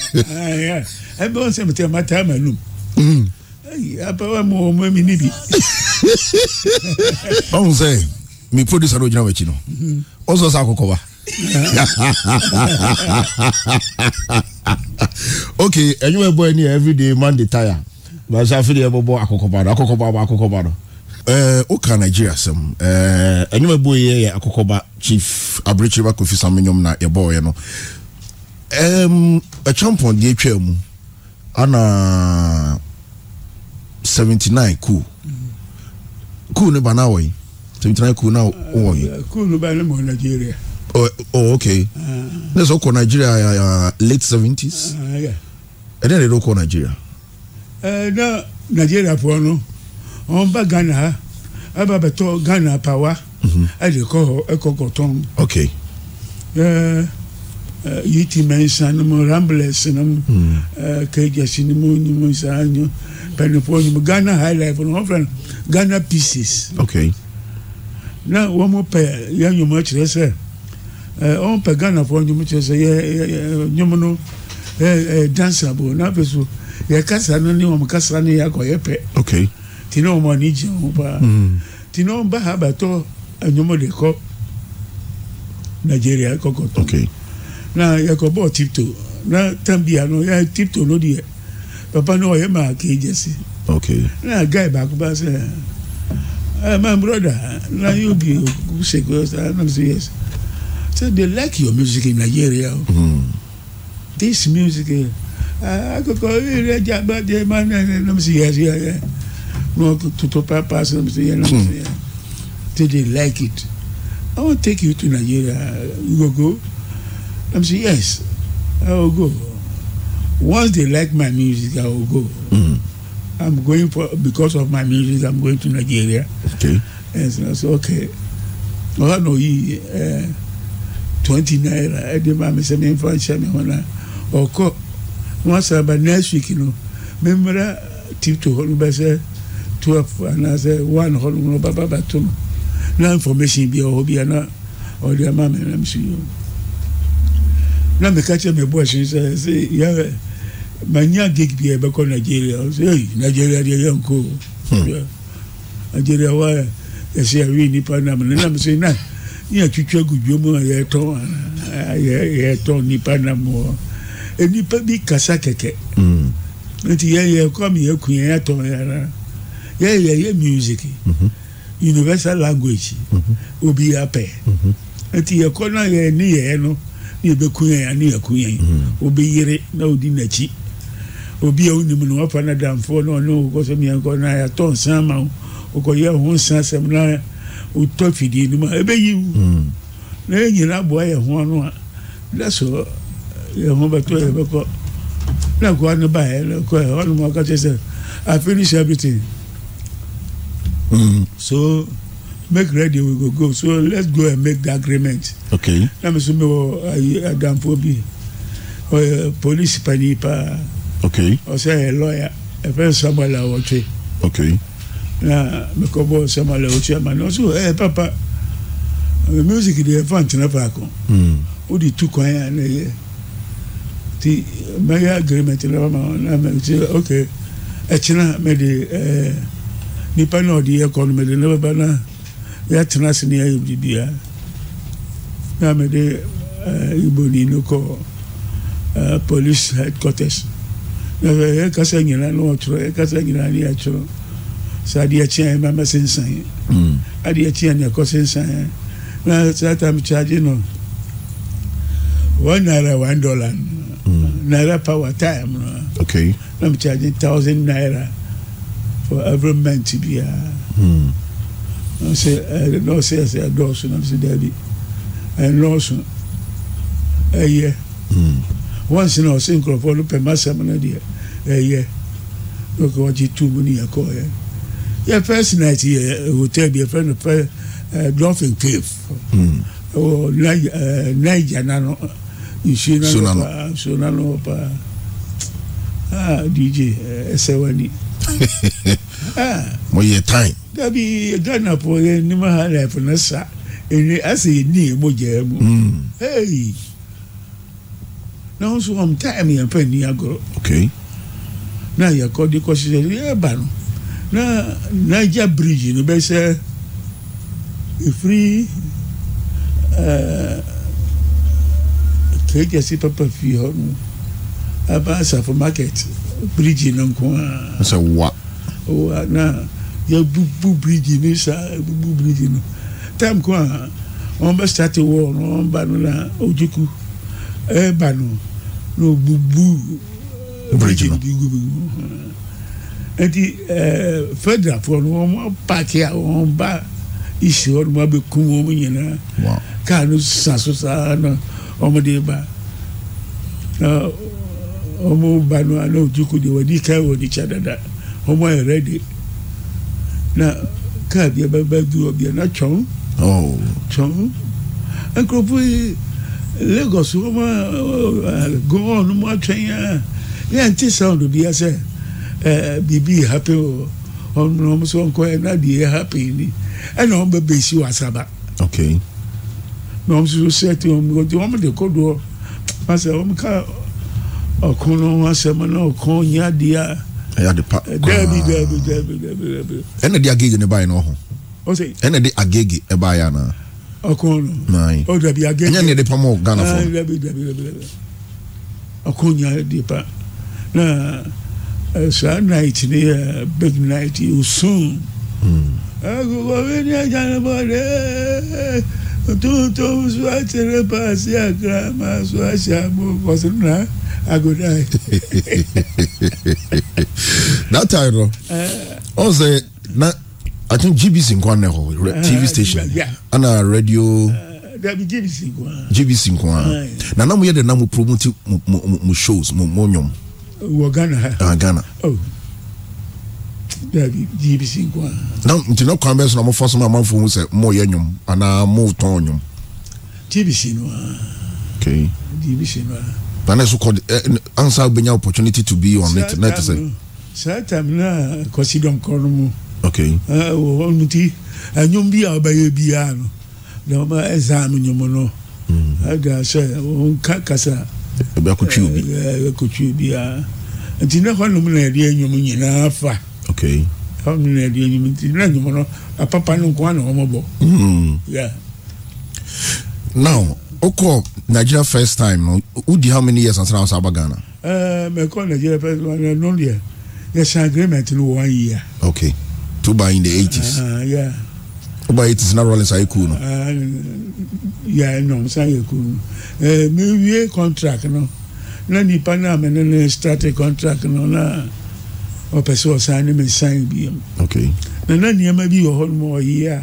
[LAUGHS] ɛbɛ wo sɛ metɛ mataa manum mm. apawa mu ɔmɔ mi ne bi [LAUGHS] ɔhu sɛ mi producer no gyina w'akyi no ɔsɔ sɛ akɔkɔba okay ɛnyiwa ɛbɔ ɛni yɛ everyday monday tire baasi afidie ɛbɔbɔ akɔkɔba no akɔkɔba no akɔkɔba no ɛɛ uh, eh, oka nigeria sɛm ɛɛ uh, eh, ɛnyiwa ɛbɔ yɛ yɛ akɔkɔba chief abirikyiriba kofi saminyom na yɛbɔ yɛ no ɛɛm ɛtwampɔn deɛ etwa mu ana seventy nine cool cool ne ba na wɔ tẹ̀mítẹ́nà kúrò náà wọ̀ yìí. kúrò bá ní mọ̀ nàìjíríà. Oh, oh okay. ní sọ kọ nàìjíríà uh, uh, late seventies ẹ̀dẹ́ ah, ẹ̀dẹ́ ló kọ nàìjíríà. ẹ náà nàìjíríà fọ no wọn bá ghana ẹ bá bẹ tọ ghana pàwá mm-hmm. ẹ lè kọ ẹ kọkọ tán. ok. ẹ ẹ yìí ti mẹ nsàn ni mo ramblers ni mo hmm. ẹ kẹjẹsì ni mo ni mo nsàn ni mo pẹnupọ ni mo ghana high life ni wọn fẹ ghana pieces. ok. okay. na wɔn pɛ yɛn nnwom akyerɛ sɛ ɛɛ wɔn pɛ ghanafoɔ nnwom kyerɛ sɛ yɛ yɛ no na so yɛ kasa no ne wɔn kasa no yɛ akɔ yɛ pɛ. ti na wɔn ani paa mm. ti na wɔn ha abatɔ de nigeria kɔkɔ na yɛ kɔ bɔɔ na tan bia no yɛ tipto no papa no ɔyɛ maa kee na guy baako ba sɛ. Uh, my brother, now you be secret. I'm say yes. So they like your music in Nigeria. Mm. This music, uh, I could call you Jabba Jaman, and I'm say yes, yeah, yeah. No, to Topa Pass, I'm say yes. Yeah. So they like it. I want take you to Nigeria. You go go? I'm say yes, I will go. Once they like my music, I will go. Mm. I'm going for because of my music. I'm going to Nigeria. Okay. And so I said, okay. Well, I know he uh, twenty naira. I did my miss an infant shaman when I or call once about next week. You know, remember tip to hold by say twelve and I said one hold no baba batum. No information be a hobby and or their mamma and I'm sure. Now, me catch up my boy, she says, yeah manya gig bi a bɛkɔ nigeria ɔsɛ nigeria deɛ yɛ hmm. nigeria wa yɛsɛ awi nipa nam ne nam sɛ na yɛ atwitwa gu dwom a yɛtɔn yɛtɔn nipa nam wɔ e nipa bi kasa kɛkɛ hmm. nti yɛyɛ kɔm yɛku yɛn atɔn yɛra yɛyɛ yɛ music mm-hmm. universal language mm-hmm. obi apɛ mm-hmm. nti yɛkɔ na yɛ ne yɛɛ no ne yɛbɛku yɛn a ne yɛku yɛn obɛyere na odi n'akyi obi a wonim no wafa no damfoɔ na ɔne wokɔ sɛ miɛnkɔ na yɛatɔ nsa ma wo wokɔyɛ ho nsa asɛm na wotɔ fidie no mu a ɛbɛyi wo hmm. na yɛnyina boa yɛ ho ano a da so yɛ ho bɛtɔ yɛbɛkɔ na koa no baɛ na kɔɛ ɔnom aka kyɛ sɛ i finish everything hmm. so make ready we go go so let's go and make the agreement okay na me so mewɔ adamfoɔ bi ɔyɛ police pani paa okay. ɔsɛ yɛ lɔya ɛfɛ samuel awɔtwe okay. na mekɔbɔ samuel awɔtwe ama no ɔsɛ ɛyɛ papa music deɛ ɛfa ntena faako wode tu kwan a na ɛyɛ nti mɛyɛ agreement na ma na mɛsɛ ok ɛkyena mɛde ɛɛ nipa na ɔde yɛ kɔ no mɛde ne bɛba na yɛatena ase ne yɛayɛ biribia na mɛde ɛɛ iboni no kɔ ɛɛ police headquarters yɛ kasa nyinaa ne wɔtwerɛ yɛ kasa nyinaa ne yɛtwerɛ sɛ adeɛ kyeɛ mama sensan adeɛ kyeɛ ne ɛkɔ sensan na saa tam kyagye no one naira one dollar naira hmm. power time no okay na m kyagye thousand naira for every month biara sɛ ɛɛ nɔɔse ɛsɛ ɛdɔɔso na m sɛ daabi ɛɛ nɔɔso ɛyɛ once na ɔsi nkurɔfoɔ no pɛm asɛm no deɛ ɛyɛ ok wɔgye tu mu no yɛ kɔɔ yɛ yɛ first night yɛ hotel bi yɛfrɛ no pɛ ɛɛ dolphin cave ɛwɔ naija ɛɛ naija nano nsuo nano paa nsuo nano paa ah dj ɛsɛ wani ah mo yɛ time dabi ghana po yɛ nimu ha life na sa ɛni asɛ yɛ ni yɛ mo jɛ mu hmm na wọn nso wọn um, time yẹn pẹ ni agorɔ. okay. na yɛ di de kɔ sisɛ yɛ ba no na naija bridge no bɛ sɛ efiri ɛɛ kejasi papa fi hɔ no aba asafo market bridge no nko aa. ɛsɛ wa. wa na yɛ bubu bridge ni sa bubu bridge no time ko aa wọn bɛ start wɔ ɔn wọn ba no na ojuku ɛɛ ba no no obubu bridge no nti eh, federalfoɔ no wɔn apaaki a wɔn ba isi hɔ nom abɛkum wɔn nyinaa kaa no sa so saa na wɔn de ba na wɔn ba no a na ojoko deɛ wɔde kaa wɔn kyɛ dada wɔn ayɛ rɛdi na kaa bi a bɛba du hɔ bi a na twɛn twɛn nkurɔfoɔ yi lagos wɔma gɔɔn no mu atwɛn a yɛnte sound biara sɛ ɛɛ biribi happy o ɔno na ɔmo so nkɔ ɛna deɛ happy ni ɛna ɔmo bɛ bɛsi wɔ asaba. okay. na ɔmo so sɛti ɔmo ɔdi ɔmo de kodoɔ masa ɔmo ka ɔko no asɛm na ɔko nyɛ adeɛ a. ɛyɛ ade pa paa dɛbi dɛbi dɛbi dɛbi. ɛna de agege ne ba yi na ɔho. ɔsɛ. ɛna de agege ɛba yi ana ɔkɔn no ɔdabi oh, agɛnjɛ ɛnyɛ ne de pam wɔ ghana fɔ dabi dabi dabi dabi ɔkɔn nya de pa na saa night ne yɛ big night osun agogo hmm. ni ajana bɔde tuntum so akyerɛ paase akra ma so ahyɛ abo kɔso na agoda that time no ɔn sɛ na. I think GBC nkwa na eh, TV station ana radio. dabi eh, gbc nkwa. gbc nkwa eh. na anamu yɛ de na mu promote shows mu mu nyom. wɔ ghana ha. ah ghana. oh gbc nkwa. na nti na kwan bɛ sɔrɔ mo fɔ sɔmɔ amanfo ho sɛ mo yɛ nyom ana mo tɔn gbc no ah. okay. gbc no a. Ah. na ne so kɔ ɛ ansa opportunity to be on it na ti sɛ. saa tam na kɔsidɔn kɔrɔ mu okay eh, wɔn ti ɛnwom eh, bi a ɔbɛyɛ biara no na wɔn ɛsan nwom no ɛda hmm. eh, sɛ wɔn ka kasa ɛbɛkotwi obi ɛbɛkotwi obi a nti ne hɔnom na yɛde ɛnwom nyinaa fa okay hɔnom na yɛde ɛnwom nti ne nwom no apapa no nko ana wɔn bɔ hmm. yeah now okɔ nigeria first time no wodi how many years ansa na ɔsan aba ghana. ɛɛ mɛ kɔ nigeria first time no no deɛ yɛ san agreement no one year. okay tuba in the 80s. Uh-huh, yeah, tuba eighties na rollins ayé kúrò nù. yà á nyọ̀m sá yẹ kúrò nù mi wíyé contract No, na nípa náà mi ní ní starting contract no, na ọ̀pẹ̀ sọ̀ sáà ni mi sáyẹn bí yẹn. na na nìyẹn bí wọ̀ họ́ ni mo yí yá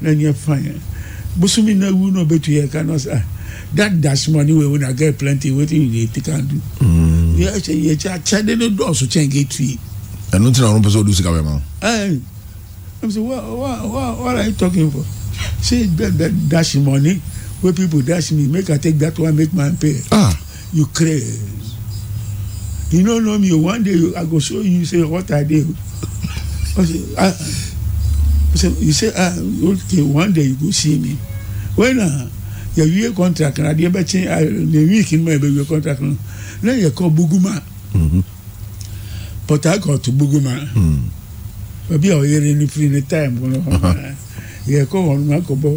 na nìyẹn fàn yẹn bosomi na wu na obetu yɛ ka na ɔsa that dash money wey una get plenty wetin you dey take am do. yɛ ɛkyɛ yɛ kyɛ akyɛde no dɔɔso kyɛn gate fee." ɛno nti na ɔno pɛ sɛ ɔdu sika bɛma what are you talking for say that, that dash money wey people dash me make i take that one make my pay ah. you craze you no know me one day i go show you say what i dey i say ah you say ah okay one day you go see me when ah yẹ wiye contract na adiẹ bẹ kye ah the week in ma yẹ contract na na yẹ kọ buguma. Mm -hmm port harcourt buguma hmm. uh-huh. [LAUGHS] obi uh, uh, a ɔyere ne firi ne time no hɔ yɛkɔ hɔ no akɔbɔ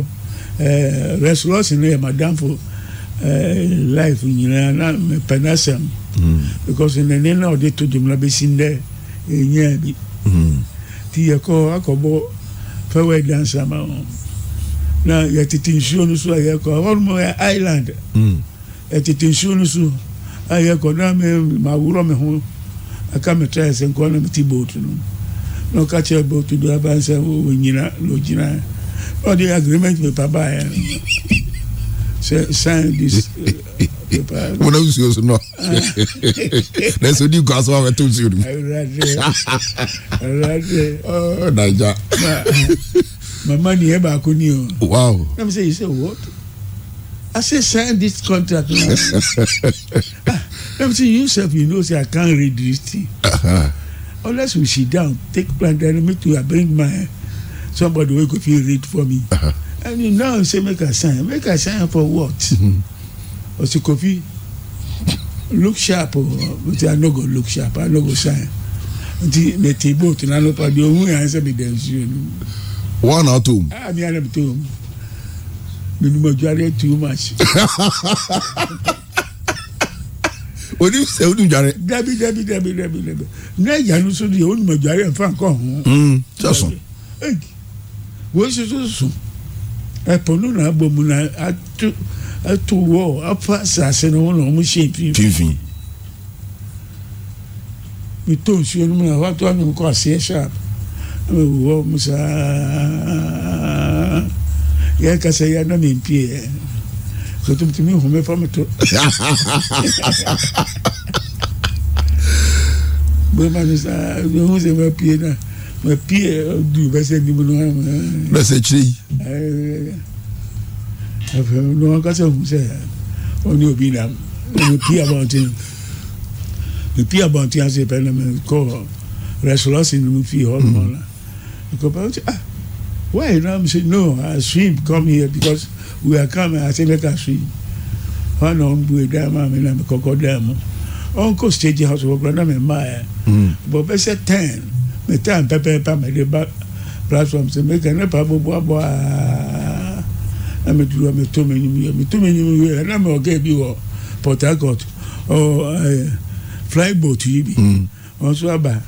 resurrection no yɛ madamfo life nyinaa na mepɛ n'asɛm hmm. because nane na ɔde to dwom na bɛsi ndɛ ɛnyaa bi nti yɛkɔ akɔbɔ farewell dance ama hɔ na yɛtete nsuo no so a yɛkɔ hɔnom yɛ island hmm. yɛtete nsuo no so a yɛkɔ na maworɔ me ho aka metrae sɛ nkoa na mete boat no na ɔka kyerɛ boat driver sɛ wɔnyina na ɔgyina ɔde agreement paper baeɛ no sɛ sign this paper wona nsuo so no na sɛ wodi nkwa so a wɛto nsuo no mu naija mama neɛ baako ni o wow na me sɛ yi sɛ what I say sign this contract now. [LAUGHS] Ah, Everything you Ramsey you know. Say I can't read this thing. Uh-huh. Unless we sit down, take plant then me to bring my somebody who could feel read for me. Uh-huh. And you now say make a sign. Make a sign for what? Mm-hmm. Osi look sharp, or, oh. but I no go look sharp. I no go sign. Nti me ti na no pa ohun yan se mi dem si enu. One or two. Ah, mi ara mi to. Mi ni mo jare too much. [LAUGHS] onim sɛ onim dware. dabi dabi dabi dabi dabi ne ya no so deɛ onim dware nfa nkɔ ho. sɛ so. wɔn si so so ɛpɔ no na abɔ mu na ato ato wɔ afa asase no ho na wɔn hyɛ mfimfini. mi tó nsuo no mu na wato anum kɔ aseɛ e sharp ama ewu hɔ mu saa yɛ kasa yɛ anam mpie yɛ sɛ tumtumi home fa me to bɛma no saa mehu sɛ mapie no a mapie du bɛsɛ nim no bɛsɛ kyerɛ yi afɛm no ɔka sɛ hu sɛ ɔne obi nam mepie abɔnten mepie abɔnten ase pɛ na mekɔ restaurant no mu fie hɔ nomɔ no mekɔpɛ ah Why? Ram said, No, I swim, come here because we are coming. I say Let us swim. One on Bui Dam, I mean, I'm a Coco Dam. Uncle Stage House of Granam and Maya. But I said, Ten. The time, Pepper, Pam, and the back platform, to make an upper boa boa. I'm a two, I'm a two many, I'm a two many, and I'm a gay you Port Harcourt or fly boat to you. Also, Abba.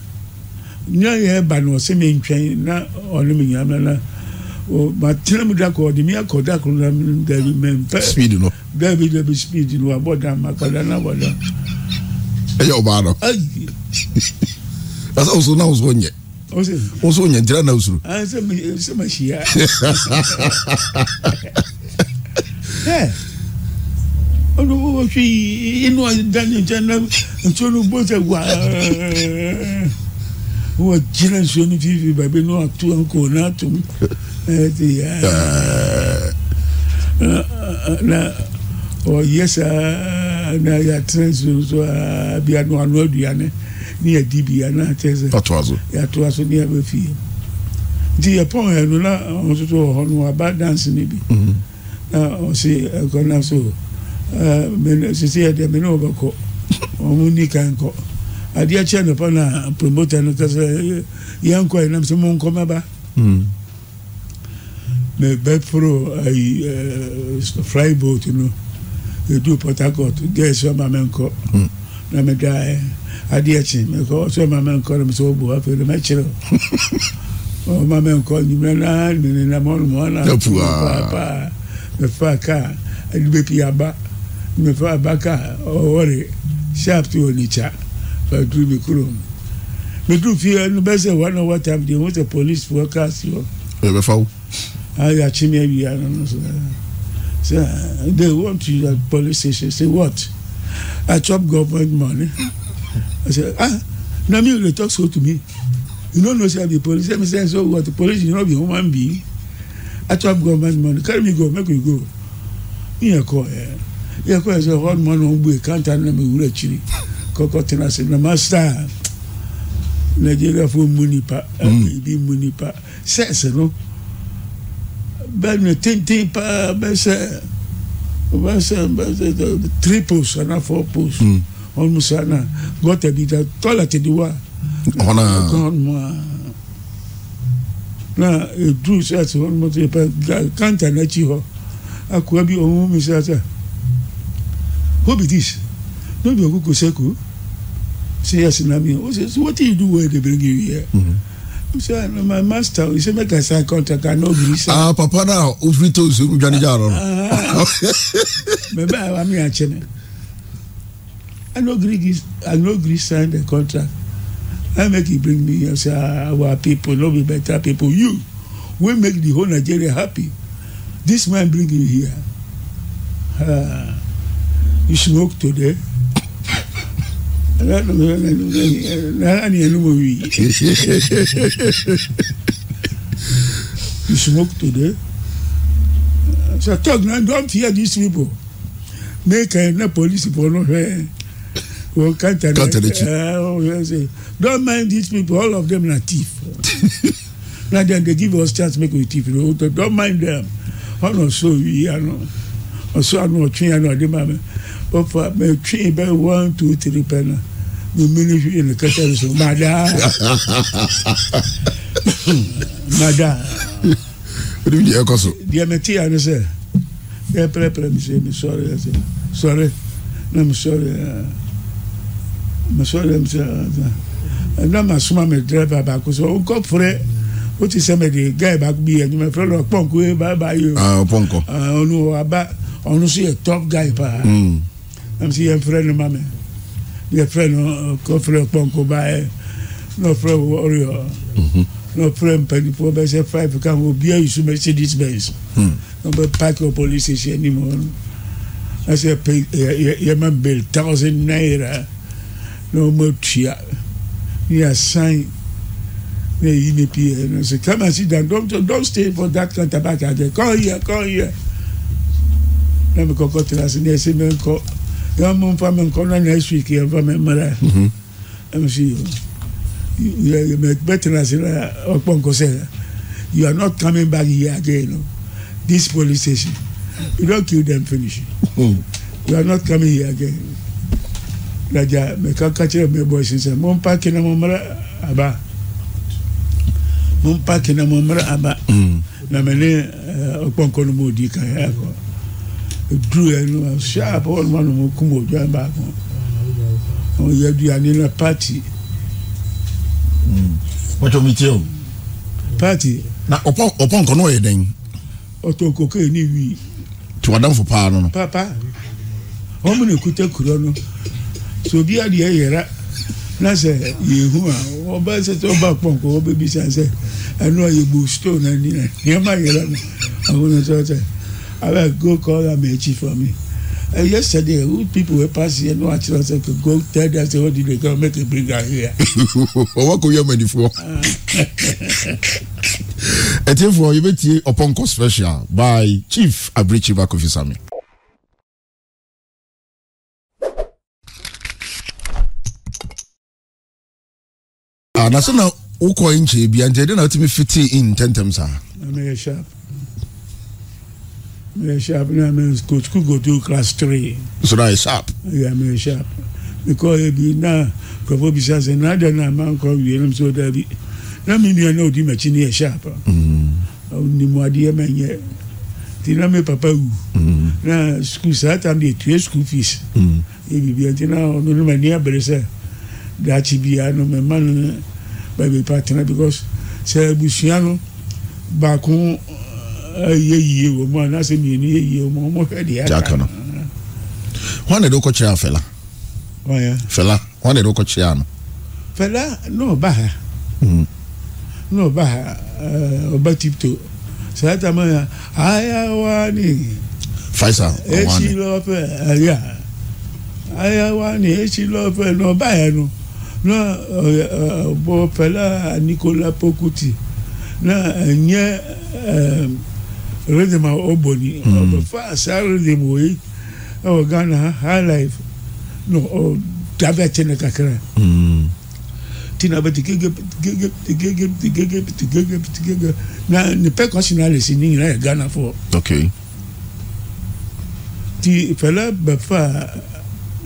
nyɛ yɛ ba na ɔsɛ mi ntwɛn na ɔne mi nyamna na makyerɛ mu da kɔ ɔde mi akɔ da koro na dabi mɛmpɛ speed no dabi dabi speed no abɔ da ma akpada na abɔ da. ɛyɛ ɔbaa no ɛsɛ ɔso na ɔso nyɛ ɔso nyɛ gyina na ɔsoro. sɛ ma hyia. ɔno wɔhwɛ inu da ne nkyɛn na nsuo no bɔ sɛ waa wɔgyina nsuo no fiifi baabi na wato ankɔ na atom. Eh, eh. Eh, na ɔyɛ oh, saa na yɛatena nsuo so a bia no ano aduane ne yɛdi bia mm-hmm. na kyɛ sɛ yɛatoa so ne yɛba fie nti yɛpɔn ɛ no na ɔno nso wɔ hɔ no waba danse no bi na ɔse ɛkɔna so sisi yɛdeɛ me ne wɔbɛkɔ ɔmo [LAUGHS] oh, ni kan kɔ adeɛ kyɛ no pa na promoter no kɛ sɛ yɛnkɔ ɛnam sɛ monkɔ mɛba me bɛporo ayi ɛɛ fly boat no edu port harcourt gɛɛ sɛ ɔma mɛ nkɔ na mɛ da ɛ adeɛ kye mɛ kɔ sɛ ɔma mɛ nkɔ na mɛ sɛ ɔbu afei na mɛ kyerɛ ɔma mɛ nkɔ nyimɛ naa nene na mɛ ɔnum ɔna paa paa Me fa kaa ɛdi bɛ pii aba mɛ fa aba kaa ɔwɔre shaft wɔ n'ikya faduru mi kurom mɛ duru fie ɛnu bɛ sɛ wɔn na wɔ tam deɛ wɔn sɛ polisi wɔ kaa si hɔ. ɛbɛ fa wo ayachimi awie I don't know. so they want to use police station say what i chop government money i say ah na me you dey talk so to me you no know say i be police let me say so what police you no be human being i chop government money carry me go make we go me yẹ kọ ẹ yẹ kọ ẹ sọ hɔ mọ náà ń gbé kanta náà mi wúlò akyiri kọkọ tẹná Say, na master nàìjíríà fún mu nípa ibi mu nípa sẹẹsì náà bɛnu tenten paa bɛsɛ bɛsɛ bɛsɛ three post ana four post ɔmu sa na gɔta bi ta tɔla ti di wa ɔna gɔn mu a na edu sɛti ɔmu ti pɛ kanta n'akyi hɔ akua bi ɔmu mi sɛ sɛ who be this no be okuko seko say yes na me o say so wetin you do well dey bring you here. Mm -hmm sɛ my master sɛ mɛka sa kɔntaka na obiri sa papa no a wofiri tɛ osuo mu dwane gyaarɔ no mɛbɛ a wa me akye no I no agree. I no agree sign the contract. I make you bring me here. Say our people, no be better people. You, we make the whole Nigeria happy. This man bring you here. Uh, you smoke today ɛni ɛnu mo wi. you smoke today. so talk now don fear these people make uh, na police for no fair well tell you. Don't mind these people all of them na thief na dem dey give us chance make we thief Don't know don mind them honour so we are you ɔso ano ɔtwe ano ɔde ma mi ɔfa mɛ twe bɛ one two three pɛ na mímiri hwi ne kasa ne so madaa madaa. o de bi diɛ kɔ so. diɛ ti yan sɛ ɛ pɛrɛpɛrɛ mi se mi sɔre ɛ sɛ sɔre na mi sɔre ɛ mi sɔre mi sɛ ɛ na ma suma mi dɛrɛba baako sɔ o kɔ fure o ti sɛ mɛ de gaa yi baako bi yɛ ɛdini mɛ fɛn dɔ pɔnkɔ ye baa baa ye o. aa pɔnkɔ. aa onu wa ba ɔno nso yɛ top guy paa ɛm sɛ yɛmfrɛ no ma me yɛfrɛ no kɔfrɛ pɔnkɔ baɛ na ɔfrɛ wɔriɔ na ɔfrɛ mpanimfoɔ bɛsɛ five ka ho obia yusu mercedes benz na ɔbɛ park wɔ police station anim hɔ no na sɛ yɛma bill thousand naira na ɔma atua ne yɛasan na ɛyi ne pii no sɛ come and sit down don't, don't stay for that kind of counterback again come here come here na mi kɔkɔ tena se ne ɛsɛ mi nkɔ na mo nfa mi nkɔ na next week yɛ nfa mi mmara ɛmi mhm. si yɛ yɛ mɛ bɛ tena se na ɔkpɔ nkɔsɛ you are not coming back here again o this police station you don kill them finish mhm. you are not coming here again raja mɛ ka ka bɔ sisan mo n pa kina mo aba mo n pa kina mo aba mhm. na mɛ ne ɔkpɔ eh, nkɔ no mo di kan yɛ akɔ duru ɛnu ahyɛ abɔɔ no ma no mo kum odwan baako ɔyɛ aduane na party. wɔtɔ mi tiɛ o. party. na ɔpɔ ɔpɔ nkɔ n'oyɛ dɛn. ɔtɔ kokain ni wi. tiwadanfo paa no no. papa wɔn mu na kuro no so obi adeɛ yɛra na sɛ yehu a ɔba sɛ sɛ ɔba pɔnkɔ ɔbɛbisa sɛ ɛnu a yɛ bu stone na nina nneɛma yɛra no ɔmo na sɛ ɔsɛ abeg go call amechi for me uh, yesterday old people wey pass here no actually say to go tell them say what did they come make a bring am here. ọwọ́ kò yẹ ọmọ ẹni fún ọ. ẹ ti fún ọ yẹ bẹ ti ọpọnkọ special by chief abirichi bakofi sami. anase ah, na wokɔ nkyɛn bi ankyɛn de na wotumi fiti in ten ntɛntɛm saa. na meyɛ sharp me sharp na me go school go do class three. so that is sharp. yeah me sharp because ebi na nkurɔfoɔ bi sa na ada na ama nkɔ wie nam so da bi na me nua na odi m'akyi ne yɛ sharp. onimu adeɛ ma nyɛ nti na me papa wu mm-hmm. na school saa time de etue school fees. ebi bi nti na ɔno ne ma ni abere sɛ daakye bia no me ma no baabi pa tena because sɛ abusua no baako yɛyie wɔ mu anaasɛ mmienu yɛyie wɔ mu ɔmɔ hwɛ deɛ aka no hɔn na de wokɔ kyerɛ afɛla fɛla hɔn na de wokɔ kyerɛ ano fɛla na ɔba ha na ɔba ha ɔba tipto saa tama ya ayawa ni faisal esi lɔfɛ aya ayawa ni esi lɔfɛ na ɔba ya no na ɔbɔ fɛla nikola pokuti na ɛnyɛ ɛɛ rhythm a ɔbɔ ni ɔbɛfa saa rhythm wɔ yi ɛwɔ ghana high life na ɔdabe oh, akyɛ ne kakra hmm. ti na bɛti gege gege gege gege gege gege na ne percussion alisi ne nyinaa yɛ ghana fo. okay. ti fɛlɛ bɛfa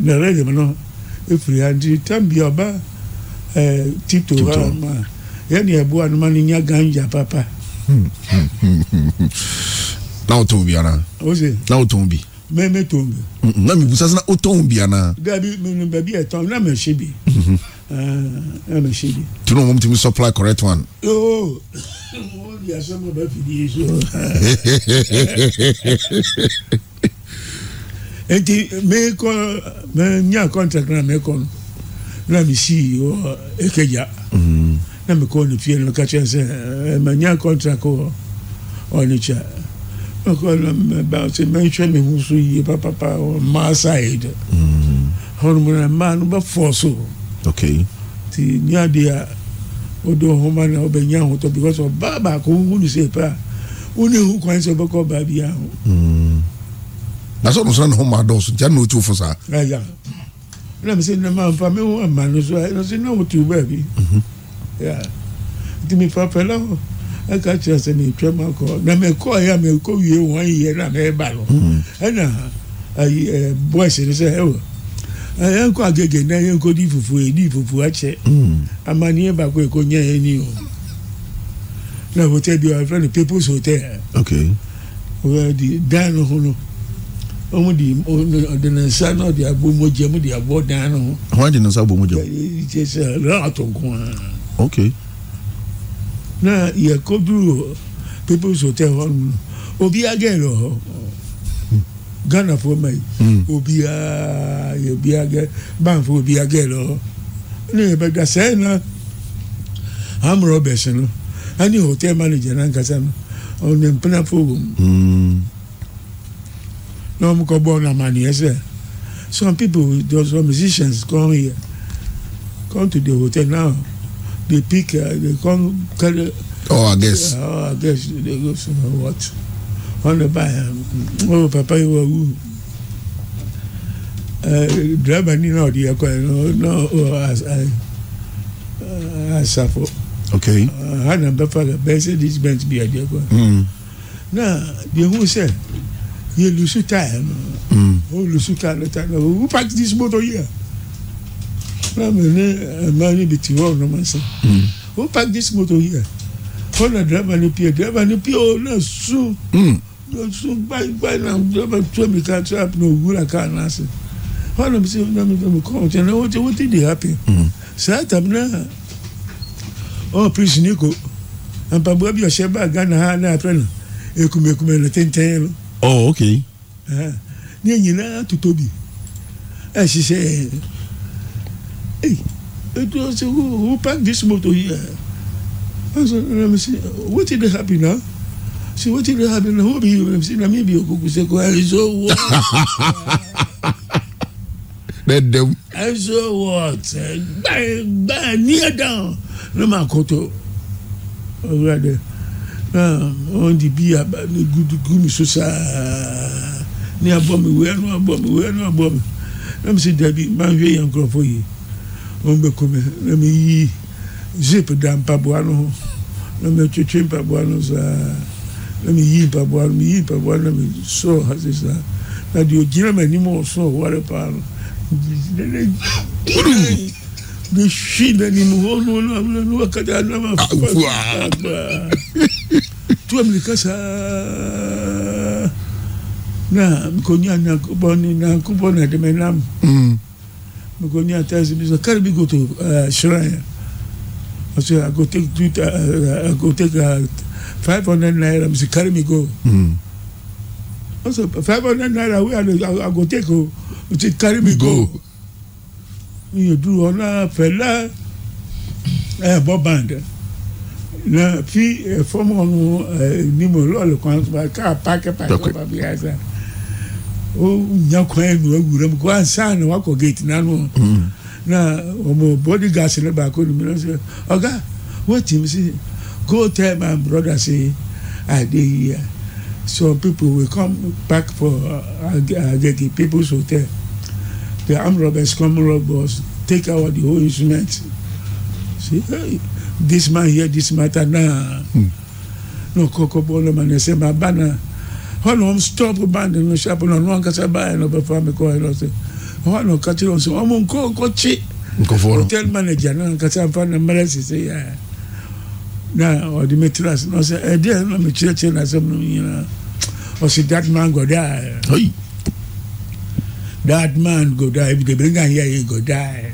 na rhythm no efiri ha nti tam bi ɔba ɛɛ tito ha uh, ma yɛn ni ɛbu anuma ni nya ganja papa. Hmm. [LAUGHS] na o tɔn bi ana. o se na o tɔn bi. mɛ mɛ tɔn bi. Mm, na mi busa sina o tɔn bi ana. dabi minnu bɛbi yɛ tɔn na mɛ se bi. Mhm. Ah, na mɛ se bi. tunu mun ti mi supply correct one. yoo o [LAUGHS] bi a sɔn ma bɛ fili ye so. [LAUGHS] eti mɛ kɔ mɛ n y'a contract na mɛ kɔnɔ na mi si wɔ ekeja. Mhm. na mi kɔ ni fiyɛ na ka ca sɛ eh, mɛ n y'a contract wɔ ɔ ni cɛ sɛ mɛnhwɛ mm. me ho so yie papapa maa side hɔnomna mmaa no bɛfɔɔ so nti nyaade a wode ɔhoma na wobɛnya ahotɔ because ɔbaa baako wohu ne sɛ pɛ a wone hu kwan sɛ wobɛkɔ ɔbaa biaa ho na sɛ ɔno sɛ ne ho ma dɔɔso nkyɛ ne ɔtiwo fo saa ya na mesɛ nnama mfa meho ama no so a ɛno sɛ na wotiwo baabi nti mefa pɛ la hɔ aka kyerɛ sɛ metwa mu akɔ na mekɔɔ yɛ a mekɔ wie wɔn yɛ na mɛba no ɛna ayi ɛ boys no sɛ ɛwɔ ɛyɛ nkɔ agege na yɛ nkɔ di fufu yɛ e, di fufu akyɛ hmm. amaneɛ baako yɛ e kɔ nyɛ yɛ ni o na hotel bi a wɔfrɛ no people's hotel okay wɔyɛ di dan no ho no wɔn di ɔde ne nsa na ɔde abɔ mogya mu de abɔ dan no ho wɔn de ne nsa abɔ mogya mu ɛɛ kyɛ sɛ lɔn ato nko ara okay na yɛkɔduru people's hotel hɔ nom obiara gɛrɛ hɔ ghana fo ma yi obiara yɛbiara gɛ banfo obiara gɛrɛ hɔ ne yɛbɛga sɛɛ na amrɔ bɛsi no ɛne hotel manager nankasa no ɔne mpenafo wɔ mu na wɔn kɔ bɔ n'amaneɛ sɛ some people some musicians come here come to the hotel now they pick uh, they come carry. oh i guess. Uh, oh i guess they go somewhere watch wọn lè bá yà wọn papa yìí wọ wú dírẹ́bà ní náà I suffer. Okay. náà àṣàfọ̀ hànà bẹ́fà bẹ́ẹ̀ sẹ́ dis bench bí ẹ̀dí ẹ̀kọ́ náà di ehun sẹ́ yẹ lùsù táyà nù lose lùsù táyà lọ́tà náà who hmm. oh, pack this motor here na mi ni mmaa ni bi ti hɔ ɔnom nsa o park this motor here hɔ na driver ni pie driver ni pie o na su na su gbagba na driver tura mi ka tura na owura kaa na ase hɔ na mi si na mi fɛ mi kɔn kyɛn na wɔn ti wɔn ti di happy saa tam na ɔ prison ni ko mpaboa bi ɔhyɛ baa ghana ha na afɛ no ekumekume no tenten no. ɔ ok. ne nyinaa tutobi ɛhyehyɛ hey, it was uh, who, who parked this motor here? I said, let me see, what did happen now? She what did happen? now? Who be you? Let me see, let me be your cuckoo. Say, I saw what? Let [LAUGHS] them. I saw what? Bye, bye, kneel down. No man, Koto. Oh, rather. Now, on the beer, but the good gloomy society ní abọ́ mi wẹ́ẹ́ ní abọ́ mi wẹ́ẹ́ ní abọ́ mi lẹ́mi sì dàbí máa ń wé yẹn nkurọ̀fọ́ yìí ɔmbɛkɔmɛ na meyi zip da mpaboa no ho na matwetwe mpaboa no saa na meyi mpaboa no meyi mpaboa no na mesɔɔ ha se na deɛ ɔgyina m'anim ɔsɔɔ ware paa no de hwi n'anim hɔ no wakata namafa tu amirika saa na nkɔnya nyankopɔn ne nyankopɔn na ɛde me nam go near tells me, carry me go to uh, shrine. I say, I go take two, uh, uh I go take uh, five hundred naira. I say, carry me go. Mm. I say, 500 naira, where I, I, I go take go. Oh? I say, carry me go. go. You do on a fella, Band. Na fi eh, fọmọ ọnu eh, ni lọọlù kan ká pàkẹ́pàkẹ́ bàbá bí i àìsàn nya kwan nu awura mu kwan san na wakɔ gate nanu na ɔmo body gas ne baako nu mi na sɛ ɔga wɔti mi si go tell my brother say i dey here some people will come back for agege uh, uh, uh people's hotel the armed robbers come rob us take out the whole instrument say hey this man hear this matter now hmm. No, ɔkɔkɔ bɔ ɔlɔmọ na ɛsɛ ma ba na hɔnom stɔp band no hyɛpo no ɔno ankasa baɛ no ɔbɛfa me kɔɛ no sɛ hɔnom ka kyerɛ sɛ ɔmo nkɔ nkɔkye hotel manager no ankasa mfa no mmerɛ sesɛ yɛ na ɔde mɛtiri ase na ɔsɛ ɛdeɛ na mekyerɛkyerɛ no asɛm no nyinaa ɔsɛ dat man go die that man go die ebi debere nga yɛ yi go die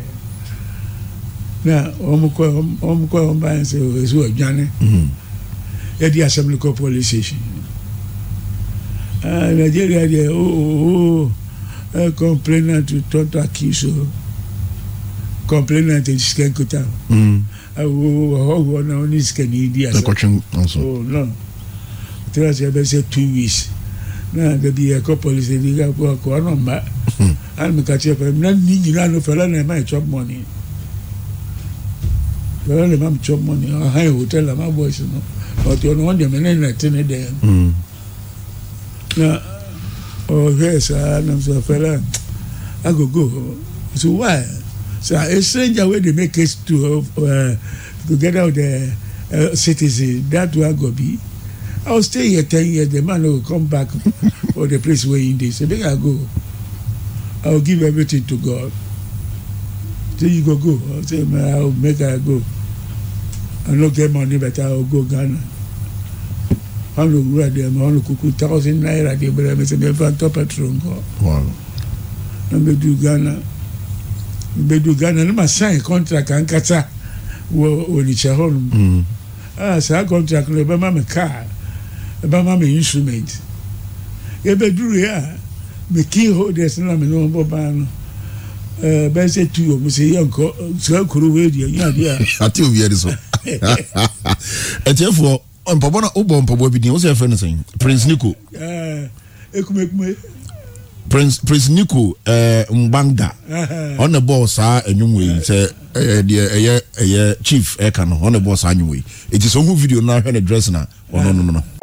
na wɔn kɔ wɔn kɔ wɔn ba yɛn sɛ esu ɔdwane yɛ di asɛm no kɔ police station uh, Nigeria there oh oh oh uh, complainant to turn to accuse o complainant to disken kota ọwọ náà ní disken yìí di asa oh no tí wọ́n ti ẹ bẹ sẹ two weeks náà gẹbi ẹkọ pọlisi ẹbi kakọ ọkọ ọ náà mba alimi kàtí ẹfẹ mi náà ní nyina ní fẹlẹ náà ẹ má chop money fẹlẹ náà ẹ má ẹ chop money ọhán ẹ hòtẹ́ẹ̀lì àmà bọ̀ ẹ̀sìn náà ọ̀tí ọ̀nà wọn dẹ̀mẹ́ náà ẹ̀ nà ẹ̀ tẹ́ na ọhwẹ saa na so afẹlẹ agogo so why so a stranger wey dey make case to uh, together with the uh, citizen that one go be i will stay here ten years the man no go come back for the place wey he dey so make i go i will give everything to god say you go go I say i will make i go i no get money but i will go ghana wano wura dɛmɛ wano kuku takɔsi naira de bɛrɛ mɛ sɛbɛn fɛn tɔ patron kɔ n bɛ du ghana n du ghana ne ma sign contract kan ka ca hɔ nom aa saa contract no ɛbɛ ma e mi car ɛbɛ ma mi instrument ɛbɛ duru yɛ mi key holders na mi n'o bɔ ban no ɛɛ bɛɛ sɛ tu wɔn sɛ yɛ nkɔ sɛ kuro wɛ deɛ nyɛ adeɛ. ati obi yɛ de so ɛtiɛ [LAUGHS] [LAUGHS] e fɔ mpɔbɔ na wobɔ mpɔbɔ bi din wo sɛ ɛfrɛ no sɛn prince nico ekumekume. Eh, prince prince nico ɛɛ eh, ngbanda eh, ɔna bɔ saa enyimwe yi sɛ ɛyɛ deɛ ɛyɛ ɛyɛ chief ɛka no ɔna bɔ saa enyimwe yi eti sɛ ohun video na ahwɛ ne dress na ɔno no no.